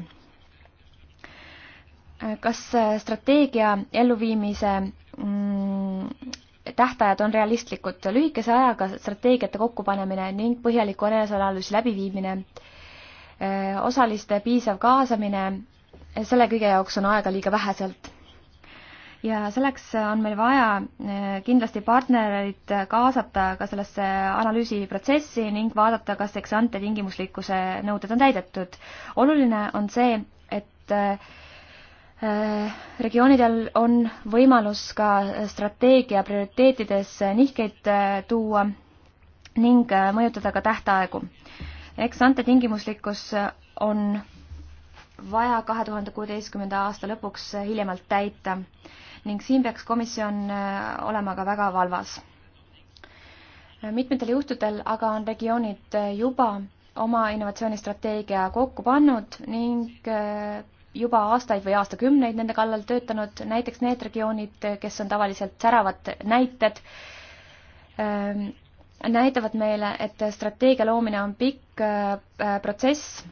Speaker 2: kas äh, strateegia elluviimise mm, tähtajad on realistlikud, lühikese ajaga strateegiate kokkupanemine ning põhjaliku eneseanalüüsi läbiviimine, äh, osaliste piisav kaasamine, selle kõige jaoks on aega liiga väheselt. ja selleks on meil vaja äh, kindlasti partnereid kaasata ka sellesse analüüsiprotsessi ning vaadata, kas eksante tingimuslikkuse nõuded on täidetud. oluline on see, et Äh, regioonidel on võimalus ka strateegia prioriteetides nihkeid äh, tuua ning äh, mõjutada ka tähtaegu. eks ante tingimuslikkus on vaja kahe tuhande kuueteistkümnenda aasta lõpuks hiljemalt täita ning siin peaks komisjon olema ka väga valvas. mitmetel juhtudel aga on regioonid juba oma innovatsioonistrateegia kokku pannud ning juba aastaid või aastakümneid nende kallal töötanud, näiteks need regioonid, kes on tavaliselt säravad näited, ähm, näitavad meile, et strateegia loomine on pikk äh, äh, protsess,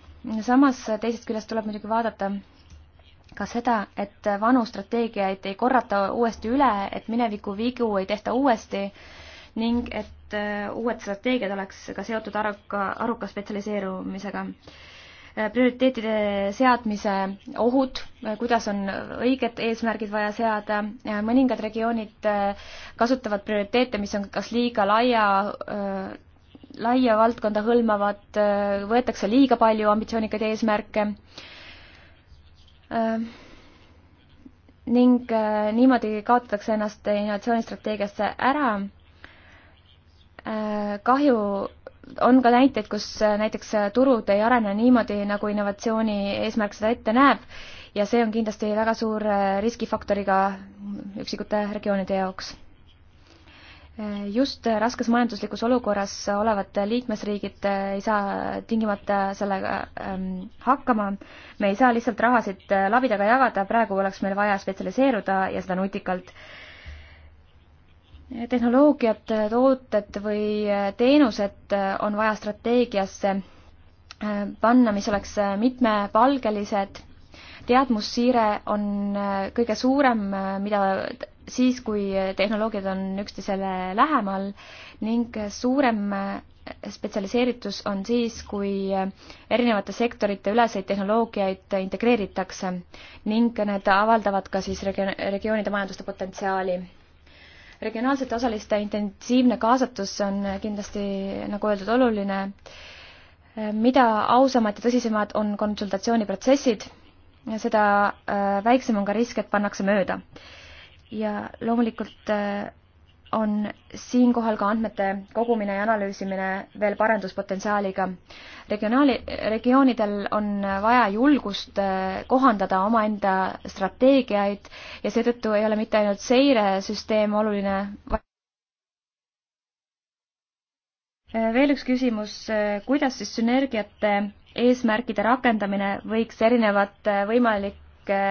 Speaker 2: samas teisest küljest tuleb muidugi vaadata ka seda, et vanu strateegiaid ei korrata uuesti üle, et mineviku vigu ei tehta uuesti ning et äh, uued strateegiad oleks ka seotud aruka, aruka spetsialiseerumisega Äh, prioriteetide seadmise ohud, äh, kuidas on õiged eesmärgid vaja seada, mõningad regioonid äh, kasutavad prioriteete, mis on kas liiga laia, laia valdkonda hõlmavad, võetakse liiga palju ambitsioonikaid eesmärke ning niimoodi kaotatakse ennast innovatsioonistrateegiasse ära. kahju on ka näiteid, kus äh, näiteks äh, turud ei arene niimoodi, nagu innovatsiooni eesmärk seda ette näeb ja see on kindlasti väga suur äh, riskifaktoriga üksikute regioonide jaoks. just raskes majanduslikus olukorras olevad liikmesriigid ei saa tingimata sellega ähm, hakkama. me ei saa lihtsalt rahasid labidaga jagada, praegu oleks meil vaja spetsialiseeruda ja seda nutikalt tehnoloogiat, tooted või teenused on vaja strateegiasse panna, mis oleks mitmepalgelised. teadmussiire on kõige suurem, mida siis, kui tehnoloogiad on üksteisele lähemal ning suurem spetsialiseeritus on siis, kui erinevate sektorite üleseid tehnoloogiaid integreeritakse ning need avaldavad ka siis regioonide majanduste potentsiaali regionaalsete osaliste intensiivne kaasatus on kindlasti, nagu öeldud, oluline. mida ausamad ja tõsisemad on konsultatsiooniprotsessid, seda äh, väiksem on ka risk, et pannakse mööda. ja loomulikult äh, on siinkohal ka andmete kogumine ja analüüsimine veel parenduspotentsiaaliga. regionaali, regioonidel on vaja julgust eh, kohandada omaenda strateegiaid ja seetõttu ei ole mitte ainult seiresüsteem oluline, eh, veel üks küsimus, eh, kuidas siis sünergiate eesmärkide rakendamine võiks erinevat võimalikke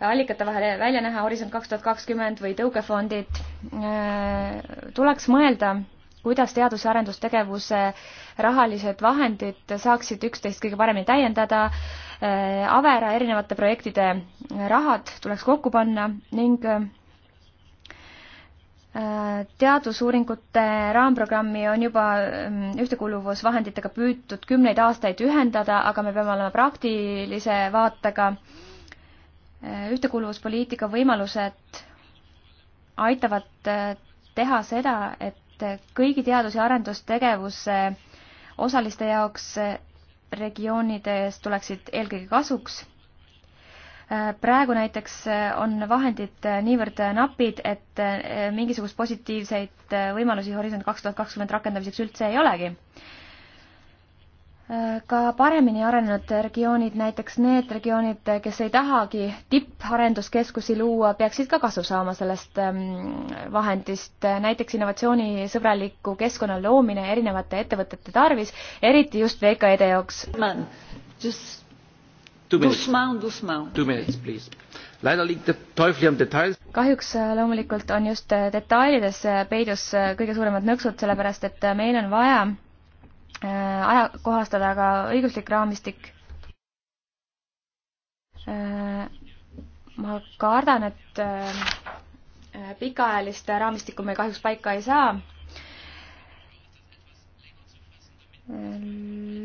Speaker 2: allikate vahel välja näha, Horisont kaks tuhat kakskümmend või tõukefondid, äh, tuleks mõelda, kuidas teadus- ja arendustegevuse rahalised vahendid saaksid üksteist kõige paremini täiendada, äh, Avera erinevate projektide rahad tuleks kokku panna ning äh, teadusuuringute raamprogrammi on juba ähm, ühtekuuluvusvahenditega püütud kümneid aastaid ühendada, aga me peame olema praktilise vaatega Eh, ühtekuuluvuspoliitika võimalused aitavad eh, teha seda, et eh, kõigi teadus- ja arendustegevuse osaliste jaoks regioonides tuleksid eelkõige kasuks. praegu näiteks on vahendid niivõrd napid, et mingisugust positiivseid võimalusi Horisont kaks tuhat kakskümmend rakendamiseks üldse ei olegi ka paremini arenenud regioonid, näiteks need regioonid, kes ei tahagi tipparenduskeskusi luua, peaksid ka kasu saama sellest ähm, vahendist. näiteks innovatsioonisõbraliku keskkonna loomine erinevate ettevõtete tarvis, eriti just VKE-de jaoks. kahjuks äh, loomulikult on just äh, detailides äh, peidus kõige suuremad nõksud, sellepärast et meil on vaja Äh, ajakohastada ka õiguslik raamistik. Äh, ma kardan, et äh, pikaajalist raamistikku me kahjuks paika ei saa.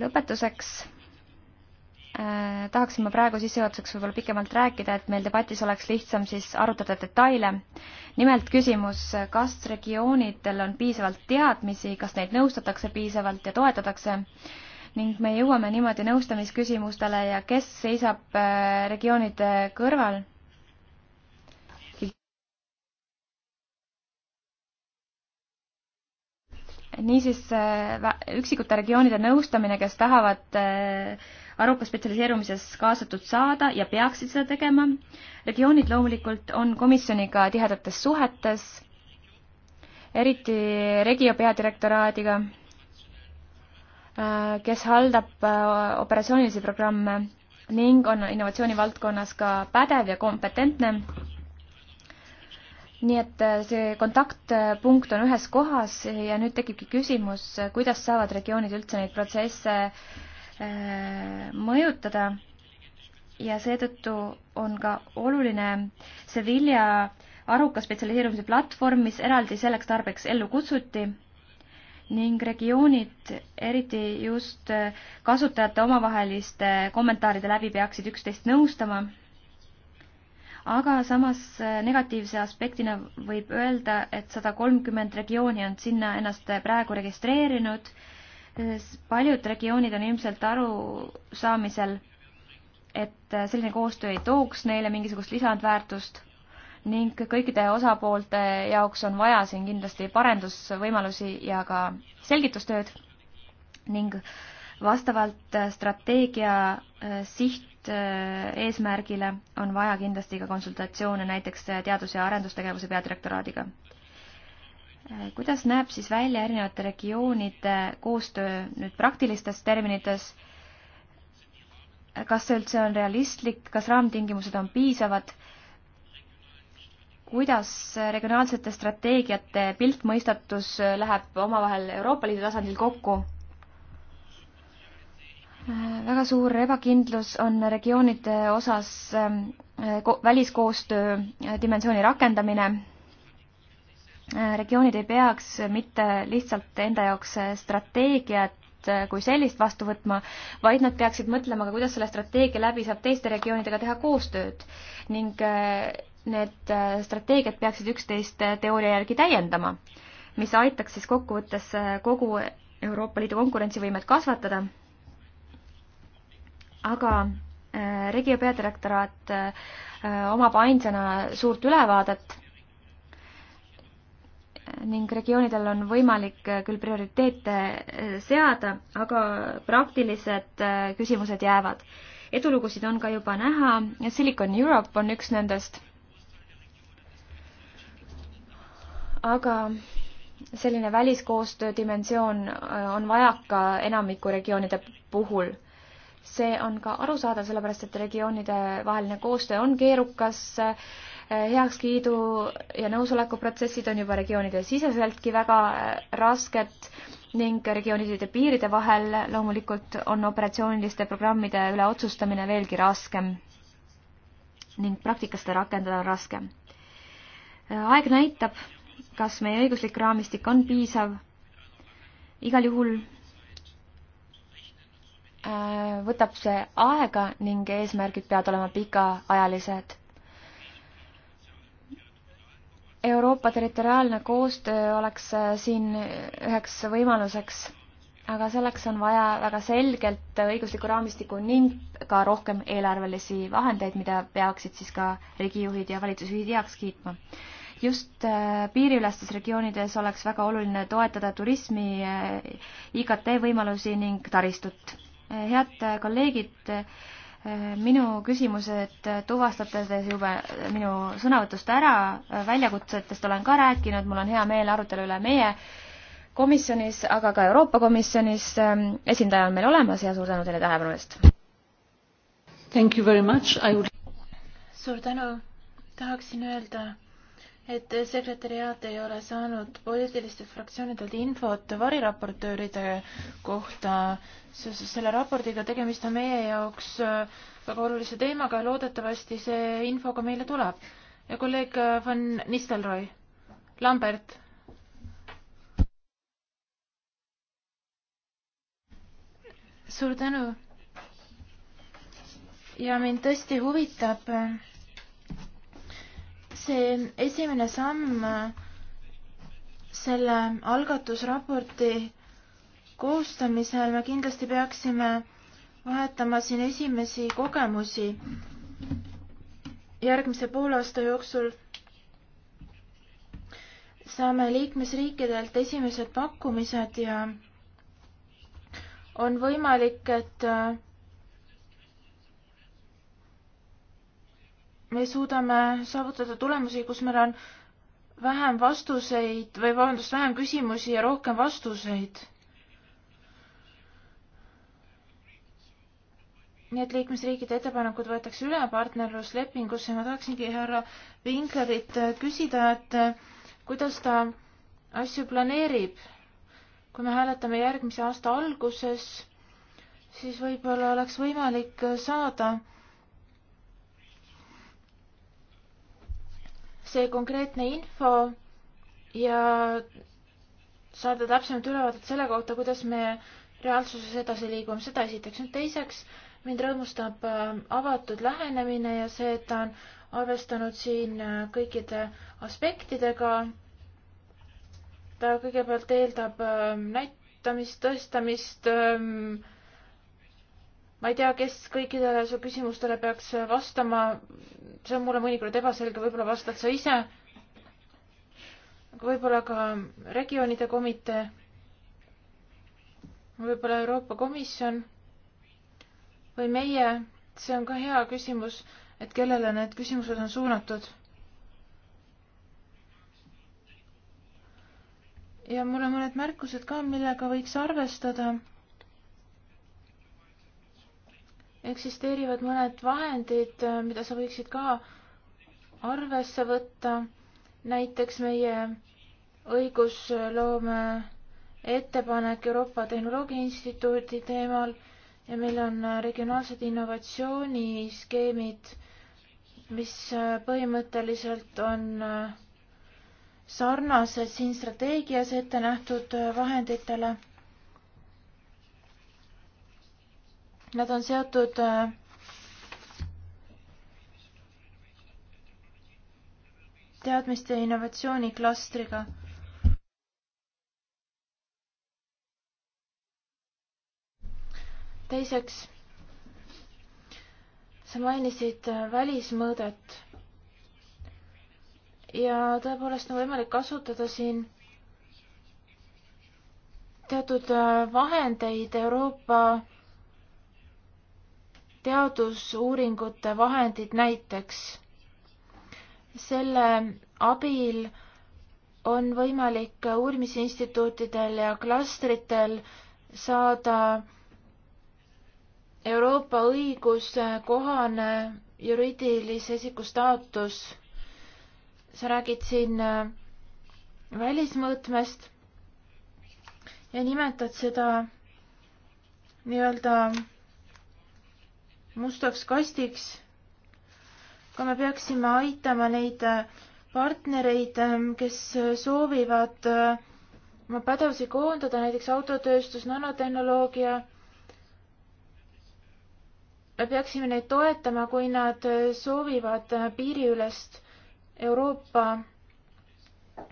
Speaker 2: lõpetuseks Äh, tahaksin ma praegu sissejuhatuseks võib-olla pikemalt rääkida, et meil debatis oleks lihtsam siis arutada detaile. nimelt küsimus, kas regioonidel on piisavalt teadmisi, kas neid nõustatakse piisavalt ja toetatakse ning me jõuame niimoodi nõustamisküsimustele ja kes seisab äh, regioonide kõrval. niisiis äh, üksikute regioonide nõustamine, kes tahavad äh, aruka spetsialiseerumises kaasatud saada ja peaksid seda tegema. regioonid loomulikult on komisjoniga tihedates suhetes, eriti Regio peadirektoraadiga, äh, kes haldab äh, operatsioonilisi programme ning on innovatsiooni valdkonnas ka pädev ja kompetentne. nii et äh, see kontaktpunkt on ühes kohas ja nüüd tekibki küsimus, kuidas saavad regioonid üldse neid protsesse äh, Äh, mõjutada ja seetõttu on ka oluline Sevilla aruka spetsialiseerumise platvorm, mis eraldi selleks tarbeks ellu kutsuti ning regioonid, eriti just äh, kasutajate omavaheliste kommentaaride läbi, peaksid üksteist nõustama. aga samas äh, negatiivse aspektina võib öelda, et sada kolmkümmend regiooni on sinna ennast praegu registreerinud paljud regioonid on ilmselt arusaamisel, et selline koostöö ei tooks neile mingisugust lisandväärtust ning kõikide osapoolte jaoks on vaja siin kindlasti parendusvõimalusi ja ka selgitustööd ning vastavalt strateegia äh, sihteesmärgile äh, on vaja kindlasti ka konsultatsioone näiteks teadus- ja arendustegevuse peadirektoraadiga Äh, kuidas näeb siis välja erinevate regioonide koostöö nüüd praktilistes terminites? kas see üldse on realistlik, kas raamtingimused on piisavad? kuidas regionaalsete strateegiate piltmõistatus läheb omavahel Euroopa Liidu tasandil kokku? Äh, väga suur ebakindlus on regioonide osas ähm, väliskoostöö äh, dimensiooni rakendamine Äh, regioonid ei peaks mitte lihtsalt enda jaoks äh, strateegiat äh, kui sellist vastu võtma, vaid nad peaksid mõtlema ka, kuidas selle strateegia läbi saab teiste regioonidega teha koostööd ning need strateegiad peaksid üksteist teooria järgi täiendama, mis aitaks siis kokkuvõttes kogu Euroopa Liidu konkurentsivõimet kasvatada. aga regio peadirektoraat omab ainsana suurt ülevaadet ning regioonidel on võimalik äh, küll prioriteete äh, seada, aga praktilised äh, küsimused jäävad. edulugusid on ka juba näha, Silicon Europe on üks nendest. aga selline väliskoostöö dimensioon on vajaka enamiku regioonide puhul see on ka arusaadav, sellepärast et regioonide vaheline koostöö on keerukas, heakskiidu ja nõusoleku protsessid on juba regioonide siseseltki väga rasked ning regioonide piiride vahel loomulikult on operatsiooniliste programmide üle otsustamine veelgi raskem ning praktikas seda rakendada on raskem. aeg näitab, kas meie õiguslik raamistik on piisav. igal juhul Äh, võtab see aega ning eesmärgid peavad olema pikaajalised. Euroopa territoriaalne koostöö oleks äh, siin üheks võimaluseks, aga selleks on vaja väga selgelt õiguslikku raamistikku ning ka rohkem eelarvelisi vahendeid, mida peaksid siis ka riigijuhid ja valitsusjuhid heaks kiitma just äh, piiriülestes regioonides oleks väga oluline toetada turismi, IKT võimalusi ning taristut head kolleegid, minu küsimused tuvastate te juba minu sõnavõtust ära, väljakutsetest olen ka rääkinud, mul on hea meel arutelu üle meie komisjonis, aga ka Euroopa Komisjonis. esindaja on meil olemas ja suur tänu teile tähelepanu eest! Thank you very much, I would
Speaker 1: suur tänu, tahaksin öelda et sekretäriaat ei ole saanud poliitilistelt fraktsioonidelt infot variraportööride kohta seoses selle raportiga. tegemist on meie jaoks äh, väga olulise teemaga ja loodetavasti see info ka meile tuleb. ja kolleeg äh, Van Nistelrooy, Lambert. suur tänu. ja mind tõesti huvitab äh, see esimene samm äh, selle algatusraporti koostamisel me kindlasti peaksime vahetama siin esimesi kogemusi järgmise poolaasta jooksul saame liikmesriikidelt esimesed pakkumised ja on võimalik, et äh, me suudame saavutada tulemusi, kus meil on vähem vastuseid või vabandust, vähem küsimusi ja rohkem vastuseid. nii et liikmesriikide ettepanekud võetakse üle partnerluslepingusse. ma tahaksingi härra Vinklerit küsida, et eh, kuidas ta asju planeerib. kui me hääletame järgmise aasta alguses, siis võib-olla oleks võimalik saada see konkreetne info ja saada täpsemat ülevaadet selle kohta, kuidas me reaalsuses edasi liigume, seda esiteks. nüüd teiseks, mind rõõmustab äh, avatud lähenemine ja see, et ta on arvestanud siin äh, kõikide aspektidega. ta kõigepealt eeldab äh, näitamist, tõestamist, ähm, ma ei tea, kes kõikidele su küsimustele peaks vastama, see on mulle mõnikord ebaselge, võib-olla vastad sa ise, võib-olla ka regioonide komitee, võib-olla Euroopa Komisjon või meie, see on ka hea küsimus, et kellele need küsimused on suunatud. ja mul on mõned märkused ka, millega võiks arvestada eksisteerivad mõned vahendid, äh, mida sa võiksid ka arvesse võtta, näiteks meie õigusloome ettepanek Euroopa Tehnoloogia Instituudi teemal ja meil on äh, regionaalsed innovatsiooniskeemid, mis äh, põhimõtteliselt on sarnased siin strateegias ette nähtud vahenditele Nad on seotud äh, teadmiste ja innovatsiooni klastriga. teiseks, sa mainisid äh, välismõõdet ja tõepoolest on võimalik kasutada siin teatud äh, vahendeid Euroopa teadusuuringute vahendid näiteks. selle abil on võimalik uurimisinstituutidel ja klastritel saada Euroopa õiguse kohane juriidilise isiku staatus. sa räägid siin äh, välismõõtmest ja nimetad seda nii-öelda mustaks kastiks. ka me peaksime aitama neid äh, partnereid, äh, kes äh, soovivad oma pädevusi koondada, näiteks autotööstus, nanotehnoloogia. me peaksime neid toetama, kui nad soovivad piiriülest Euroopa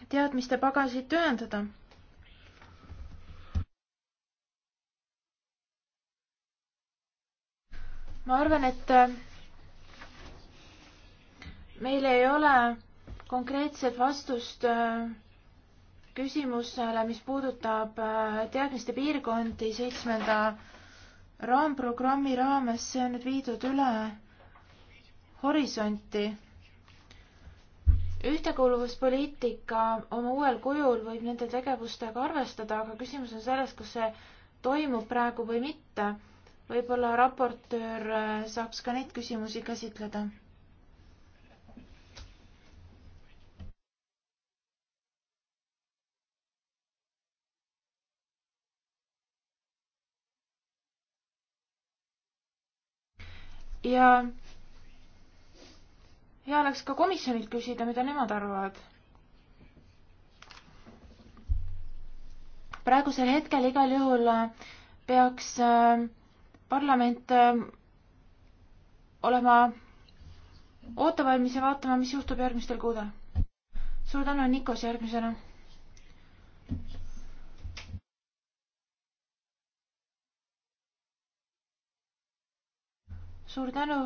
Speaker 1: teadmiste pagasit ühendada ma arvan, et äh, meil ei ole konkreetset vastust äh, küsimusele, mis puudutab äh, teadmiste piirkondi seitsmenda raamprogrammi raames, see on nüüd viidud üle horisonti. ühtekuuluvuspoliitika oma uuel kujul võib nende tegevustega arvestada, aga küsimus on selles, kas see toimub praegu või mitte võib-olla raportöör äh, saaks ka neid küsimusi käsitleda. ja hea oleks ka komisjonilt küsida, mida nemad arvavad praegusel hetkel igal juhul äh, peaks äh, parlament äh, olema ootevalmis ja vaatama, mis juhtub järgmistel kuudel. suur tänu, Nikos, järgmisena. suur tänu.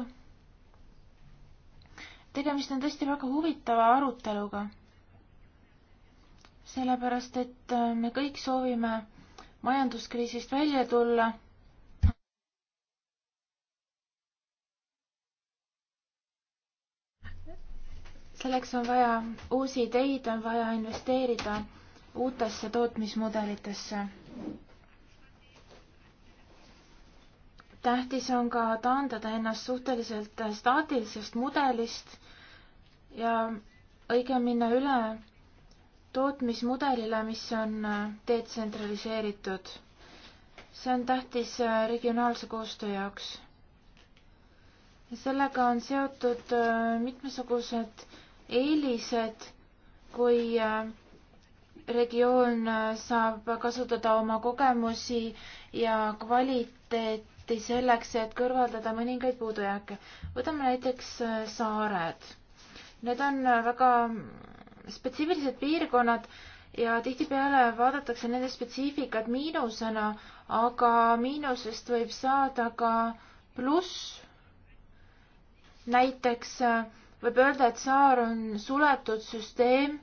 Speaker 1: tegemist on tõesti väga huvitava aruteluga. sellepärast, et äh, me kõik soovime majanduskriisist välja tulla selleks on vaja uusi ideid, on vaja investeerida uutesse tootmismudelitesse. tähtis on ka taandada ennast suhteliselt staatilisest mudelist ja õigem minna üle tootmismudelile, mis on detsentraliseeritud. see on tähtis regionaalse koostöö jaoks. ja sellega on seotud mitmesugused eelised, kui äh, regioon äh, saab kasutada oma kogemusi ja kvaliteeti selleks, et kõrvaldada mõningaid puudujääke. võtame näiteks äh, saared. Need on väga spetsiifilised piirkonnad ja tihtipeale vaadatakse nende spetsiifikat miinusena, aga miinusest võib saada ka pluss. näiteks võib öelda, et saar on suletud süsteem.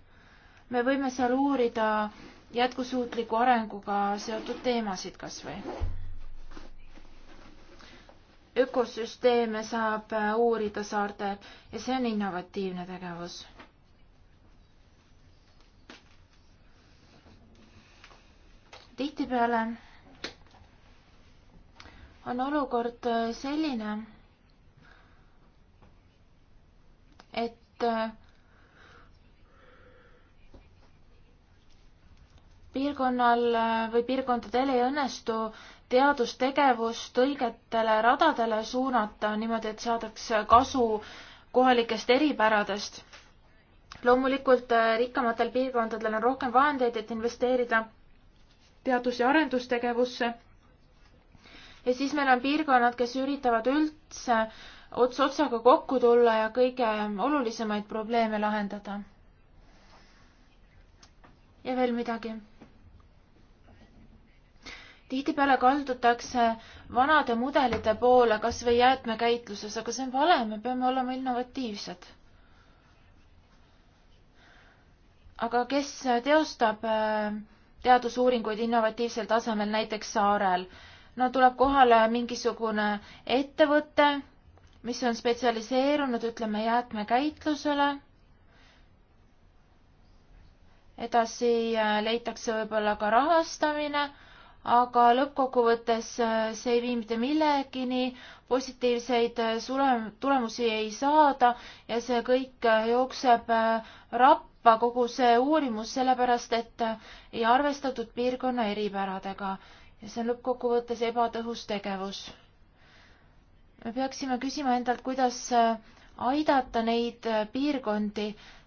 Speaker 1: me võime seal uurida jätkusuutliku arenguga seotud teemasid kas või. ökosüsteeme saab uurida saartel ja see on innovatiivne tegevus. tihtipeale on olukord selline Äh, piirkonnal äh, või piirkondadel ei õnnestu teadustegevust õigetele radadele suunata niimoodi, et saadaks kasu kohalikest eripäradest. loomulikult äh, rikkamatel piirkondadel on rohkem vahendeid, et investeerida teadus- ja arendustegevusse. ja siis meil on piirkonnad, kes üritavad üldse ots otsaga kokku tulla ja kõige olulisemaid probleeme lahendada. ja veel midagi. tihtipeale kaldutakse vanade mudelite poole kas või jäätmekäitluses, aga see on vale, me peame olema innovatiivsed. aga kes teostab äh, teadusuuringuid innovatiivsel tasemel, näiteks saarel? no tuleb kohale mingisugune ettevõte mis on spetsialiseerunud, ütleme, jäätmekäitlusele. edasi äh, leitakse võib-olla ka rahastamine, aga lõppkokkuvõttes äh, see ei vii mitte millegini, positiivseid äh, tulemusi ei saada ja see kõik jookseb rappa, kogu see uurimus, sellepärast et ei arvestatud piirkonna eripäradega ja see on lõppkokkuvõttes ebatõhus tegevus me peaksime küsima endalt, kuidas äh, aidata neid äh, piirkondi,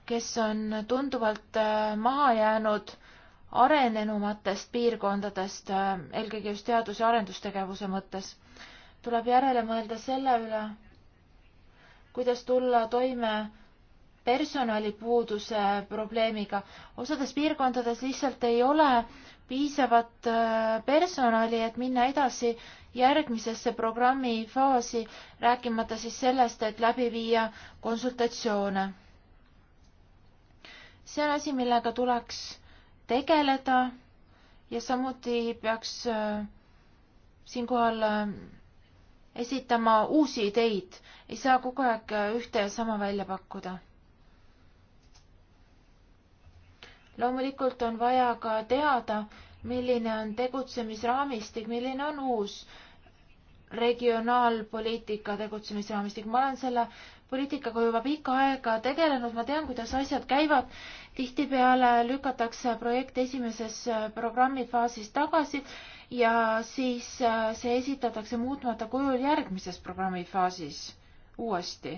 Speaker 1: kes on tunduvalt äh, maha jäänud arenenumatest piirkondadest, eelkõige just teadus- ja arendustegevuse mõttes. tuleb järele mõelda selle üle, kuidas tulla toime personalipuuduse probleemiga. osades piirkondades lihtsalt ei ole piisavat personali, et minna edasi järgmisesse programmi faasi, rääkimata siis sellest, et läbi viia konsultatsioone. see on asi, millega tuleks tegeleda ja samuti peaks äh, siinkohal äh, esitama uusi ideid, ei saa kogu aeg äh, ühte ja sama välja pakkuda loomulikult on vaja ka teada, milline on tegutsemisraamistik, milline on uus regionaalpoliitika tegutsemisraamistik, ma olen selle poliitikaga juba pikka aega tegelenud, ma tean, kuidas asjad käivad. tihtipeale lükatakse projekt esimeses äh, programmifaasis tagasi ja siis äh, see esitatakse muutmata kujul järgmises programmifaasis uuesti.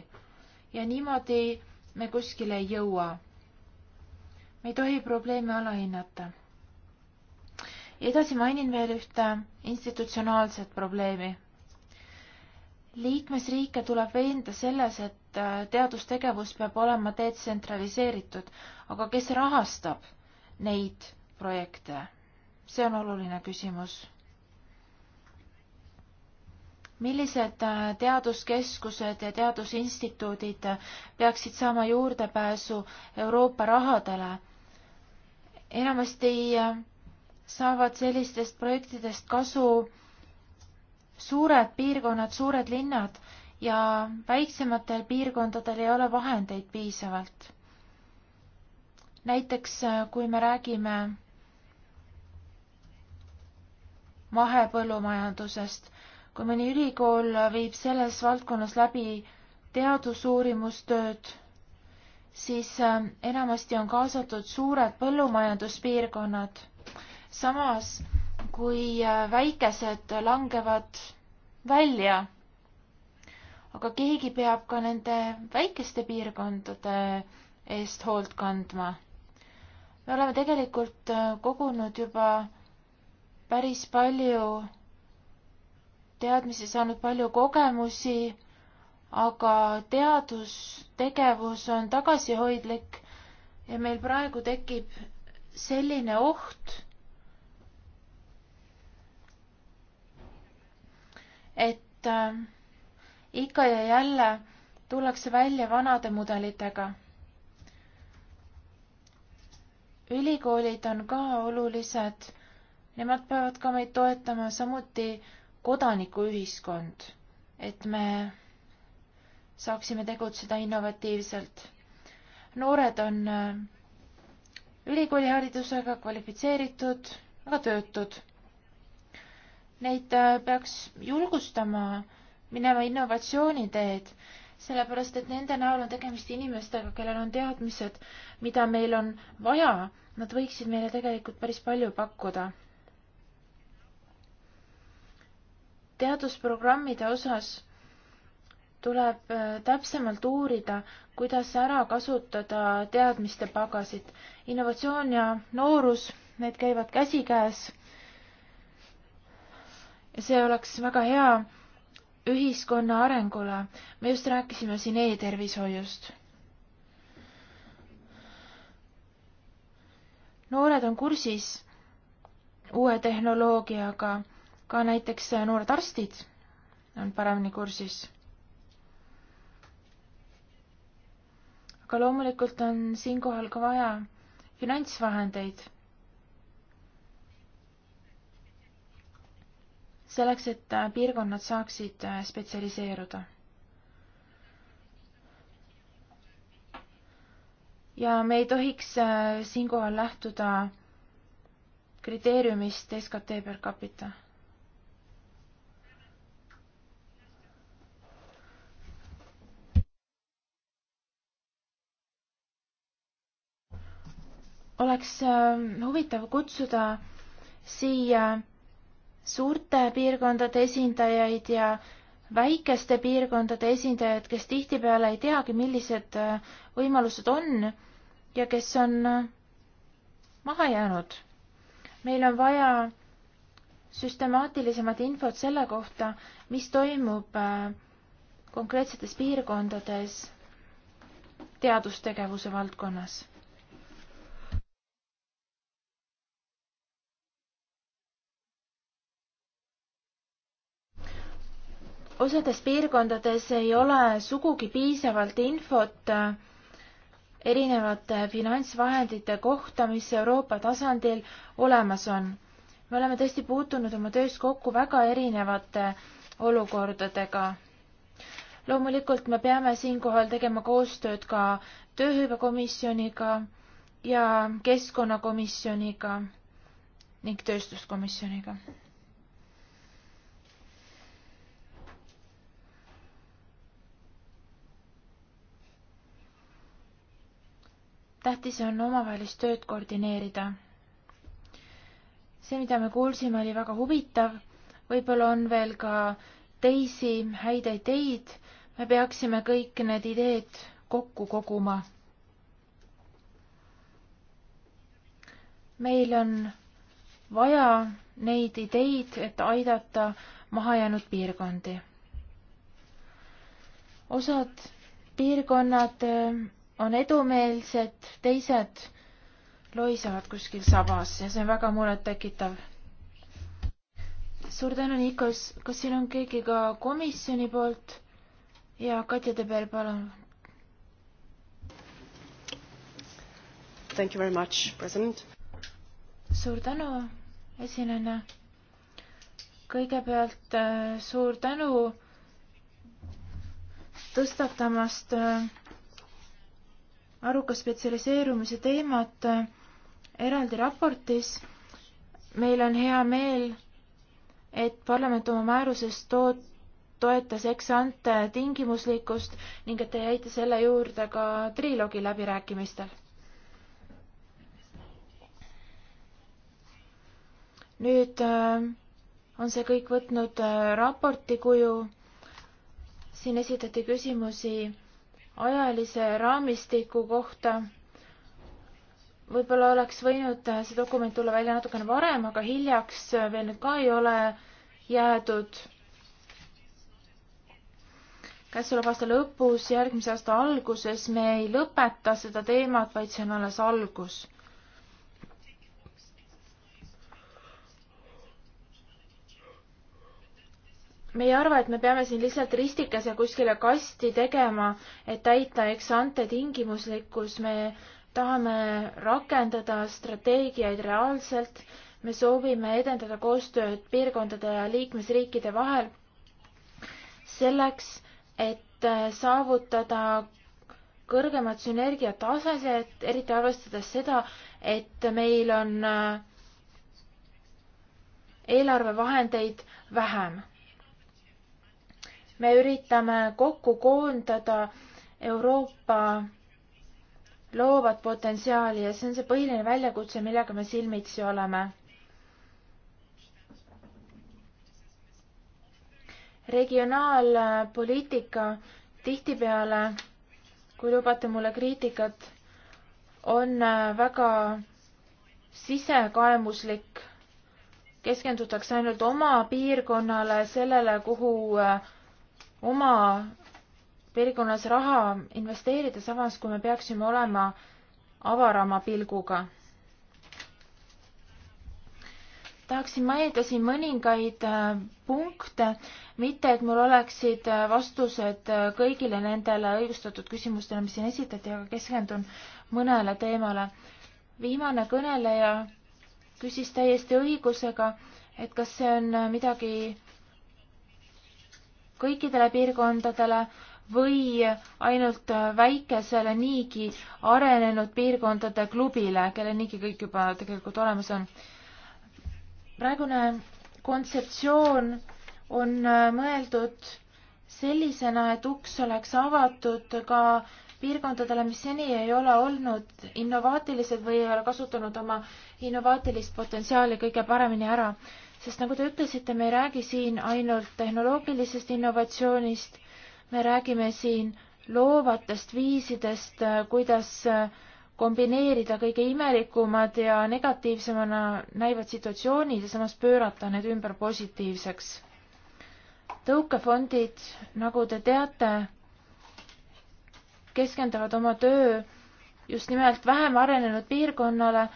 Speaker 1: ja niimoodi me kuskile ei jõua. me ei tohi probleeme alahinnata edasi mainin veel ühte institutsionaalset probleemi. liikmesriike tuleb veenda selles, et äh, teadustegevus peab olema detsentraliseeritud, aga kes rahastab neid projekte? see on oluline küsimus. millised äh, teaduskeskused ja teadusinstituudid äh, peaksid saama juurdepääsu Euroopa rahadele? enamasti saavad sellistest projektidest kasu suured piirkonnad, suured linnad ja väiksematel piirkondadel ei ole vahendeid piisavalt. näiteks äh, kui me räägime mahepõllumajandusest, kui mõni ülikool viib selles valdkonnas läbi teadusuurimustööd, siis äh, enamasti on kaasatud suured põllumajanduspiirkonnad samas kui äh, väikesed langevad välja, aga keegi peab ka nende väikeste piirkondade eest hoolt kandma. me oleme tegelikult äh, kogunud juba päris palju teadmisi, saanud palju kogemusi, aga teadustegevus on tagasihoidlik ja meil praegu tekib selline oht et äh, ikka ja jälle tullakse välja vanade mudelitega. ülikoolid on ka olulised, nemad peavad ka meid toetama, samuti kodanikuühiskond, et me saaksime tegutseda innovatiivselt. noored on äh, ülikooliharidusega kvalifitseeritud, aga töötud Neid äh, peaks julgustama minema innovatsiooni teed, sellepärast et nende näol on tegemist inimestega, kellel on teadmised, mida meil on vaja. Nad võiksid meile tegelikult päris palju pakkuda. teadusprogrammide osas tuleb äh, täpsemalt uurida, kuidas ära kasutada teadmiste pagasit. innovatsioon ja noorus, need käivad käsikäes see oleks väga hea ühiskonna arengule. me just rääkisime siin e-tervishoiust. noored on kursis uue tehnoloogiaga, ka näiteks noored arstid on paremini kursis. aga loomulikult on siinkohal ka vaja finantsvahendeid selleks, et äh, piirkonnad saaksid äh, spetsialiseeruda. ja me ei tohiks äh, siinkohal lähtuda kriteeriumist SKT per capita oleks ähm, huvitav kutsuda siia suurte piirkondade esindajaid ja väikeste piirkondade esindajad, kes tihtipeale ei teagi, millised äh, võimalused on ja kes on äh, maha jäänud. meil on vaja süstemaatilisemat infot selle kohta, mis toimub äh, konkreetsetes piirkondades teadustegevuse valdkonnas osades piirkondades ei ole sugugi piisavalt infot äh, erinevate finantsvahendite kohta, mis Euroopa tasandil olemas on. me oleme tõesti puutunud oma töös kokku väga erinevate olukordadega. loomulikult me peame siinkohal tegema koostööd ka tööhõivekomisjoniga ja keskkonnakomisjoniga ning tööstuskomisjoniga tähtis on omavahelist tööd koordineerida. see, mida me kuulsime, oli väga huvitav. võib-olla on veel ka teisi häid ideid. me peaksime kõik need ideed kokku koguma. meil on vaja neid ideid, et aidata mahajäänud piirkondi. osad piirkonnad on edumeelsed, teised loisavad kuskil sabas ja see on väga murettekitav. suur tänu, Nikos, kas siin on keegi ka komisjoni poolt? ja Katja Tebel, palun. Thank you very much, president. suur tänu, esinejana. kõigepealt äh, suur tänu tõstatamast äh, aruka spetsialiseerumise teemat äh, eraldi raportis. meil on hea meel, et parlament oma määruses toot-, toetas eksante tingimuslikkust ning et te jäite selle juurde ka triloogi läbirääkimistel. nüüd äh, on see kõik võtnud äh, raporti kuju. siin esitati küsimusi ajalise raamistiku kohta. võib-olla oleks võinud see dokument tulla välja natukene varem, aga hiljaks veel nüüd ka ei ole jäädud. käesoleva aasta lõpus, järgmise aasta alguses me ei lõpeta seda teemat, vaid see on alles algus me ei arva, et me peame siin lihtsalt ristikese kuskile kasti tegema, et täita eksante tingimuslikkus, me tahame rakendada strateegiaid reaalselt, me soovime edendada koostööd piirkondade ja liikmesriikide vahel selleks, et äh, saavutada kõrgemat sünergiataset, eriti arvestades seda, et meil on äh, eelarvevahendeid vähem me üritame kokku koondada Euroopa loovat potentsiaali ja see on see põhiline väljakutse, millega me silmitsi oleme. regionaalpoliitika tihtipeale, kui lubate mulle kriitikat, on väga sisekaemuslik, keskendutakse ainult oma piirkonnale, sellele, kuhu äh, oma piirkonnas raha investeerida, samas kui me peaksime olema avarama pilguga. tahaksin mainida siin mõningaid äh, punkte, mitte et mul oleksid äh, vastused äh, kõigile nendele õigustatud küsimustele, mis siin esitati, aga keskendun mõnele teemale. viimane kõneleja küsis täiesti õigusega, et kas see on midagi kõikidele piirkondadele või ainult väikesele niigi arenenud piirkondade klubile, kellel niigi kõik juba tegelikult olemas on. praegune kontseptsioon on äh, mõeldud sellisena, et uks oleks avatud ka piirkondadele, mis seni ei ole olnud innovaatilised või ei ole kasutanud oma innovaatilist potentsiaali kõige paremini ära sest nagu te ütlesite, me ei räägi siin ainult tehnoloogilisest innovatsioonist, me räägime siin loovatest viisidest, kuidas kombineerida kõige imelikumad ja negatiivsemana näivad situatsioonid ja samas pöörata need ümber positiivseks. tõukefondid, nagu te teate, keskenduvad oma töö just nimelt vähem arenenud piirkonnale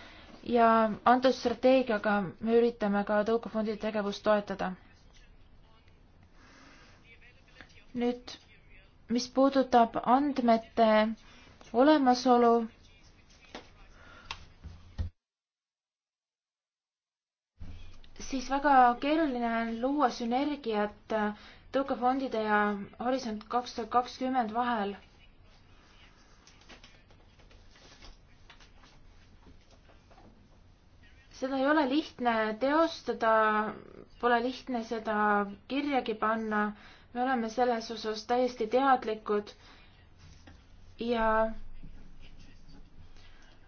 Speaker 1: ja antud strateegiaga me üritame ka tõukefondi tegevust toetada. nüüd, mis puudutab andmete olemasolu, siis väga keeruline on luua sünergiat tõukefondide ja Horisont kaks tuhat kakskümmend vahel seda ei ole lihtne teostada, pole lihtne seda kirjagi panna. me oleme selles osas täiesti teadlikud. ja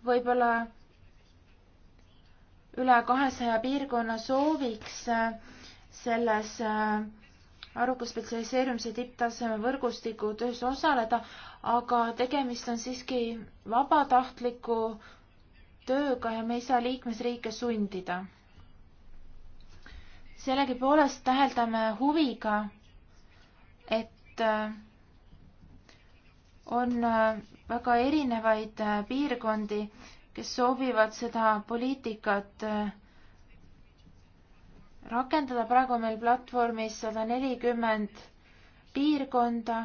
Speaker 1: võib-olla üle kahesaja piirkonna sooviks selles äh, aruka spetsialiseerumise tipptaseme võrgustiku töös osaleda, aga tegemist on siiski vabatahtliku tööga ja me ei saa liikmesriike sundida. sellegipoolest täheldame huviga, et äh, on äh, väga erinevaid äh, piirkondi, kes soovivad seda poliitikat rakendada. praegu on meil platvormis sada nelikümmend piirkonda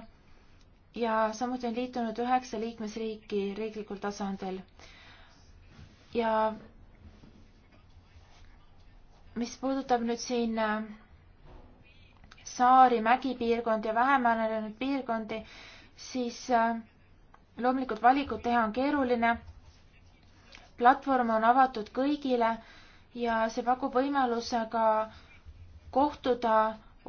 Speaker 1: ja samuti on liitunud üheksa liikmesriiki riiklikul tasandil ja mis puudutab nüüd siin äh, saari, mägipiirkondi ja vähem arenenud piirkondi, siis äh, loomulikult valikut teha on keeruline. platvorm on avatud kõigile ja see pakub võimaluse ka kohtuda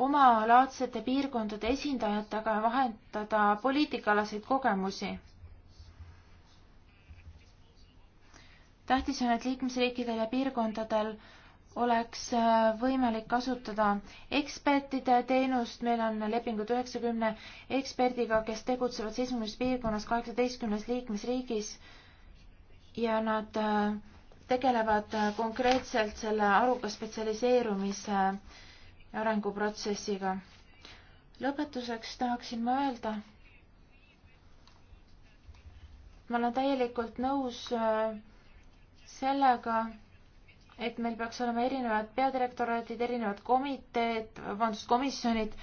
Speaker 1: omalaadsete piirkondade esindajatega ja vahendada poliitikaalaseid kogemusi tähtis on, et liikmesriikidel ja piirkondadel oleks äh, võimalik kasutada ekspertide teenust, meil on lepingud üheksakümne eksperdiga, kes tegutsevad seitsmekümnes piirkonnas kaheksateistkümnes liikmesriigis ja nad äh, tegelevad äh, konkreetselt selle aruka spetsialiseerumise arenguprotsessiga. lõpetuseks tahaksin ma öelda, ma olen täielikult nõus äh, sellega, et meil peaks olema erinevad peadirektoraadid, erinevad komiteed, vabandust, komisjonid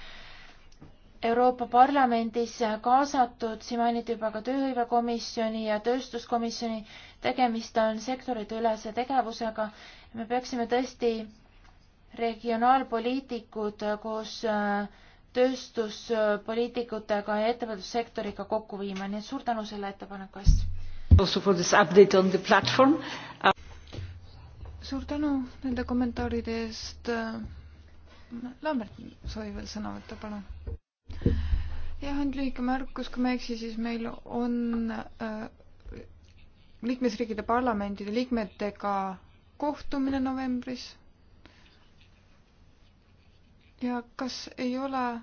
Speaker 1: Euroopa Parlamendis kaasatud, siin mainiti juba ka tööhõivekomisjoni ja tööstuskomisjoni, tegemist on sektoriteülese tegevusega. me peaksime tõesti regionaalpoliitikud koos äh, tööstuspoliitikutega ja ettevõtlussektoriga kokku viima, nii et suur tänu selle ettepaneku eest
Speaker 3: suur tänu nende kommentaaride eest. Lambert soovib veel sõna võtta, palun. jah, ainult lühike märkus, kui ma ei eksi, siis meil on äh, liikmesriikide parlamendide liikmetega kohtumine novembris. ja kas ei ole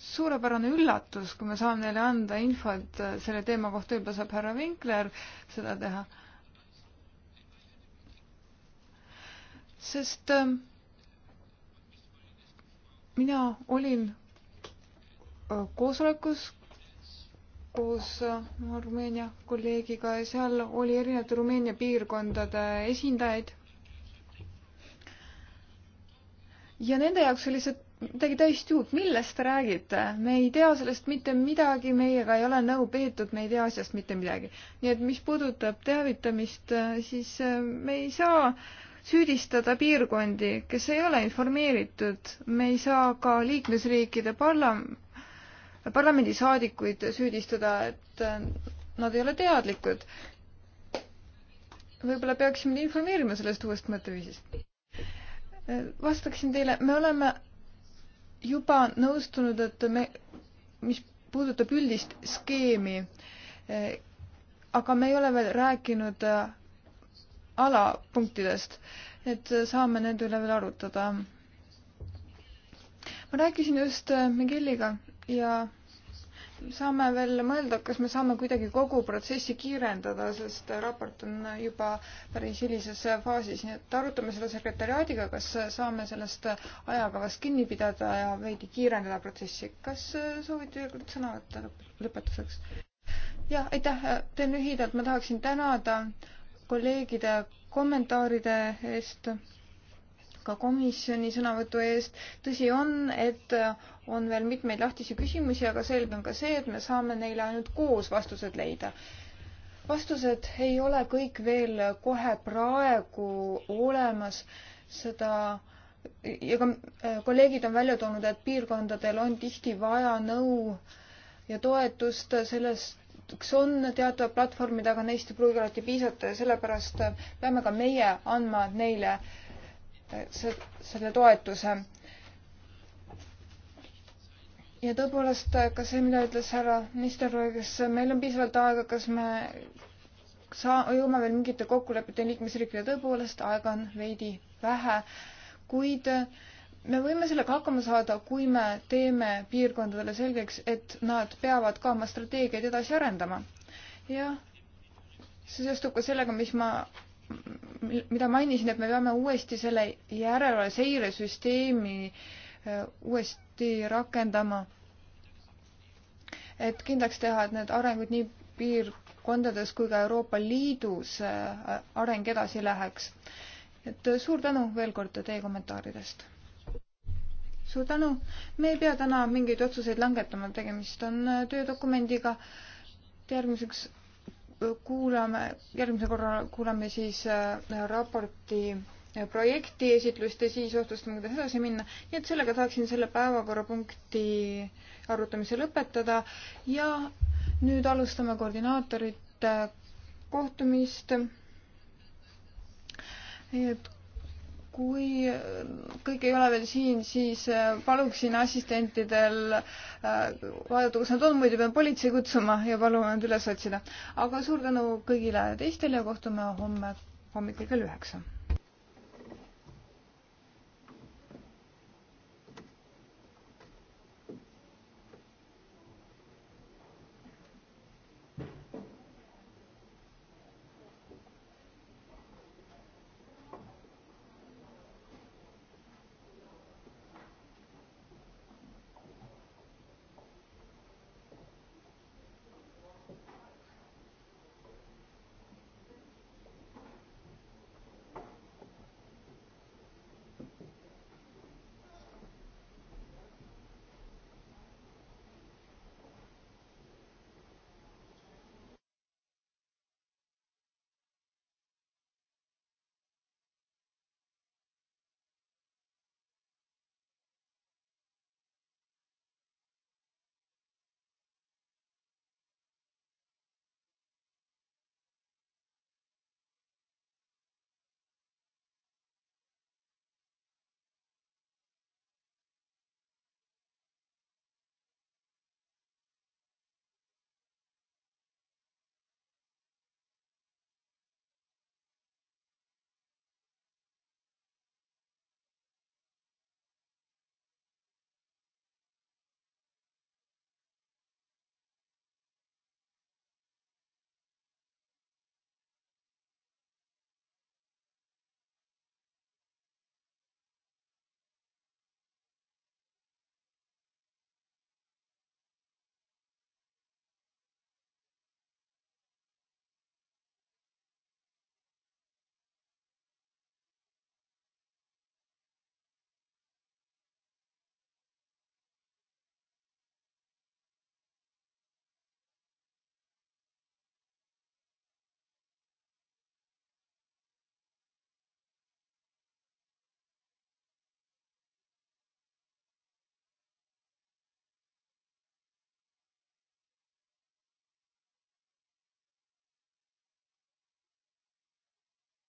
Speaker 3: suurepärane üllatus, kui me saame neile anda infot äh, selle teema kohta, juba saab härra Vinkler seda teha. sest ähm, mina olin äh, koosolekus koos äh, Rumeenia kolleegiga ja seal oli erinevate Rumeenia piirkondade esindajaid. ja nende jaoks oli see midagi täiesti uut, millest te räägite? me ei tea sellest mitte midagi, meiega ei ole nõu peetud, me ei tea asjast mitte midagi. nii et mis puudutab teavitamist, siis äh, me ei saa süüdistada piirkondi, kes ei ole informeeritud, me ei saa ka liikmesriikide parla-, parlamendisaadikuid süüdistada, et äh, nad ei ole teadlikud. võib-olla peaksime informeerima sellest uuest mõtteviisist. vastaksin teile, me oleme juba nõustunud, et me, mis puudutab üldist skeemi, aga me ei ole veel rääkinud äh, alapunktidest, et saame nende üle veel arutada. ma rääkisin just äh, Migueliga ja saame veel mõelda, kas me saame kuidagi kogu protsessi kiirendada, sest raport on juba päris hilises faasis, nii et arutame seda sekretäriaadiga, kas saame sellest ajakavast kinni pidada ja veidi kiirendada protsessi. kas soovite sõna võtta lõpetuseks? jah, aitäh, teen lühidalt, ma tahaksin tänada kolleegide kommentaaride eest ka komisjoni sõnavõtu eest. tõsi on, et on veel mitmeid lahtisi küsimusi, aga selge on ka see, et me saame neile ainult koos vastused leida. vastused ei ole kõik veel kohe praegu olemas, seda ja ka äh, kolleegid on välja toonud, et piirkondadel on tihti vaja nõu ja toetust, selleks on teatavad platvormid, aga neist ei pruugi alati piisata ja sellepärast peame ka meie andma neile äh, selle toetuse. ja tõepoolest ka see, mida ütles härra Nisteroi, kas meil on piisavalt aega, kas me saa-, jõuame veel mingite kokkulepete liikmesriikide, tõepoolest aega on veidi vähe, kuid me võime sellega hakkama saada, kui me teeme piirkondadele selgeks, et nad peavad ka oma strateegiaid edasi arendama. jah, see seostub ka sellega, mis ma mida mainisin, et me peame uuesti selle järelevalve seiresüsteemi äh, uuesti rakendama, et kindlaks teha, et need arengud nii piirkondades kui ka Euroopa Liidus äh, areng edasi läheks. et äh, suur tänu veel kord teie kommentaaridest. suur tänu, me ei pea täna mingeid otsuseid langetama, tegemist on töödokumendiga. järgmiseks kuulame, järgmisel korral kuulame siis äh, raporti äh, projekti esitlust ja siis otsustame, kuidas edasi minna. nii et sellega tahaksin selle päevakorrapunkti arutamise lõpetada ja nüüd alustame koordinaatorite kohtumist. et kui äh, kõik ei ole veel siin, siis äh, paluksin assistentidel äh, vaadata, kus nad on, muidu pean politsei kutsuma ja paluma nad üles otsida. aga suur tänu kõigile teistele ja kohtume homme hommikul kell üheksa.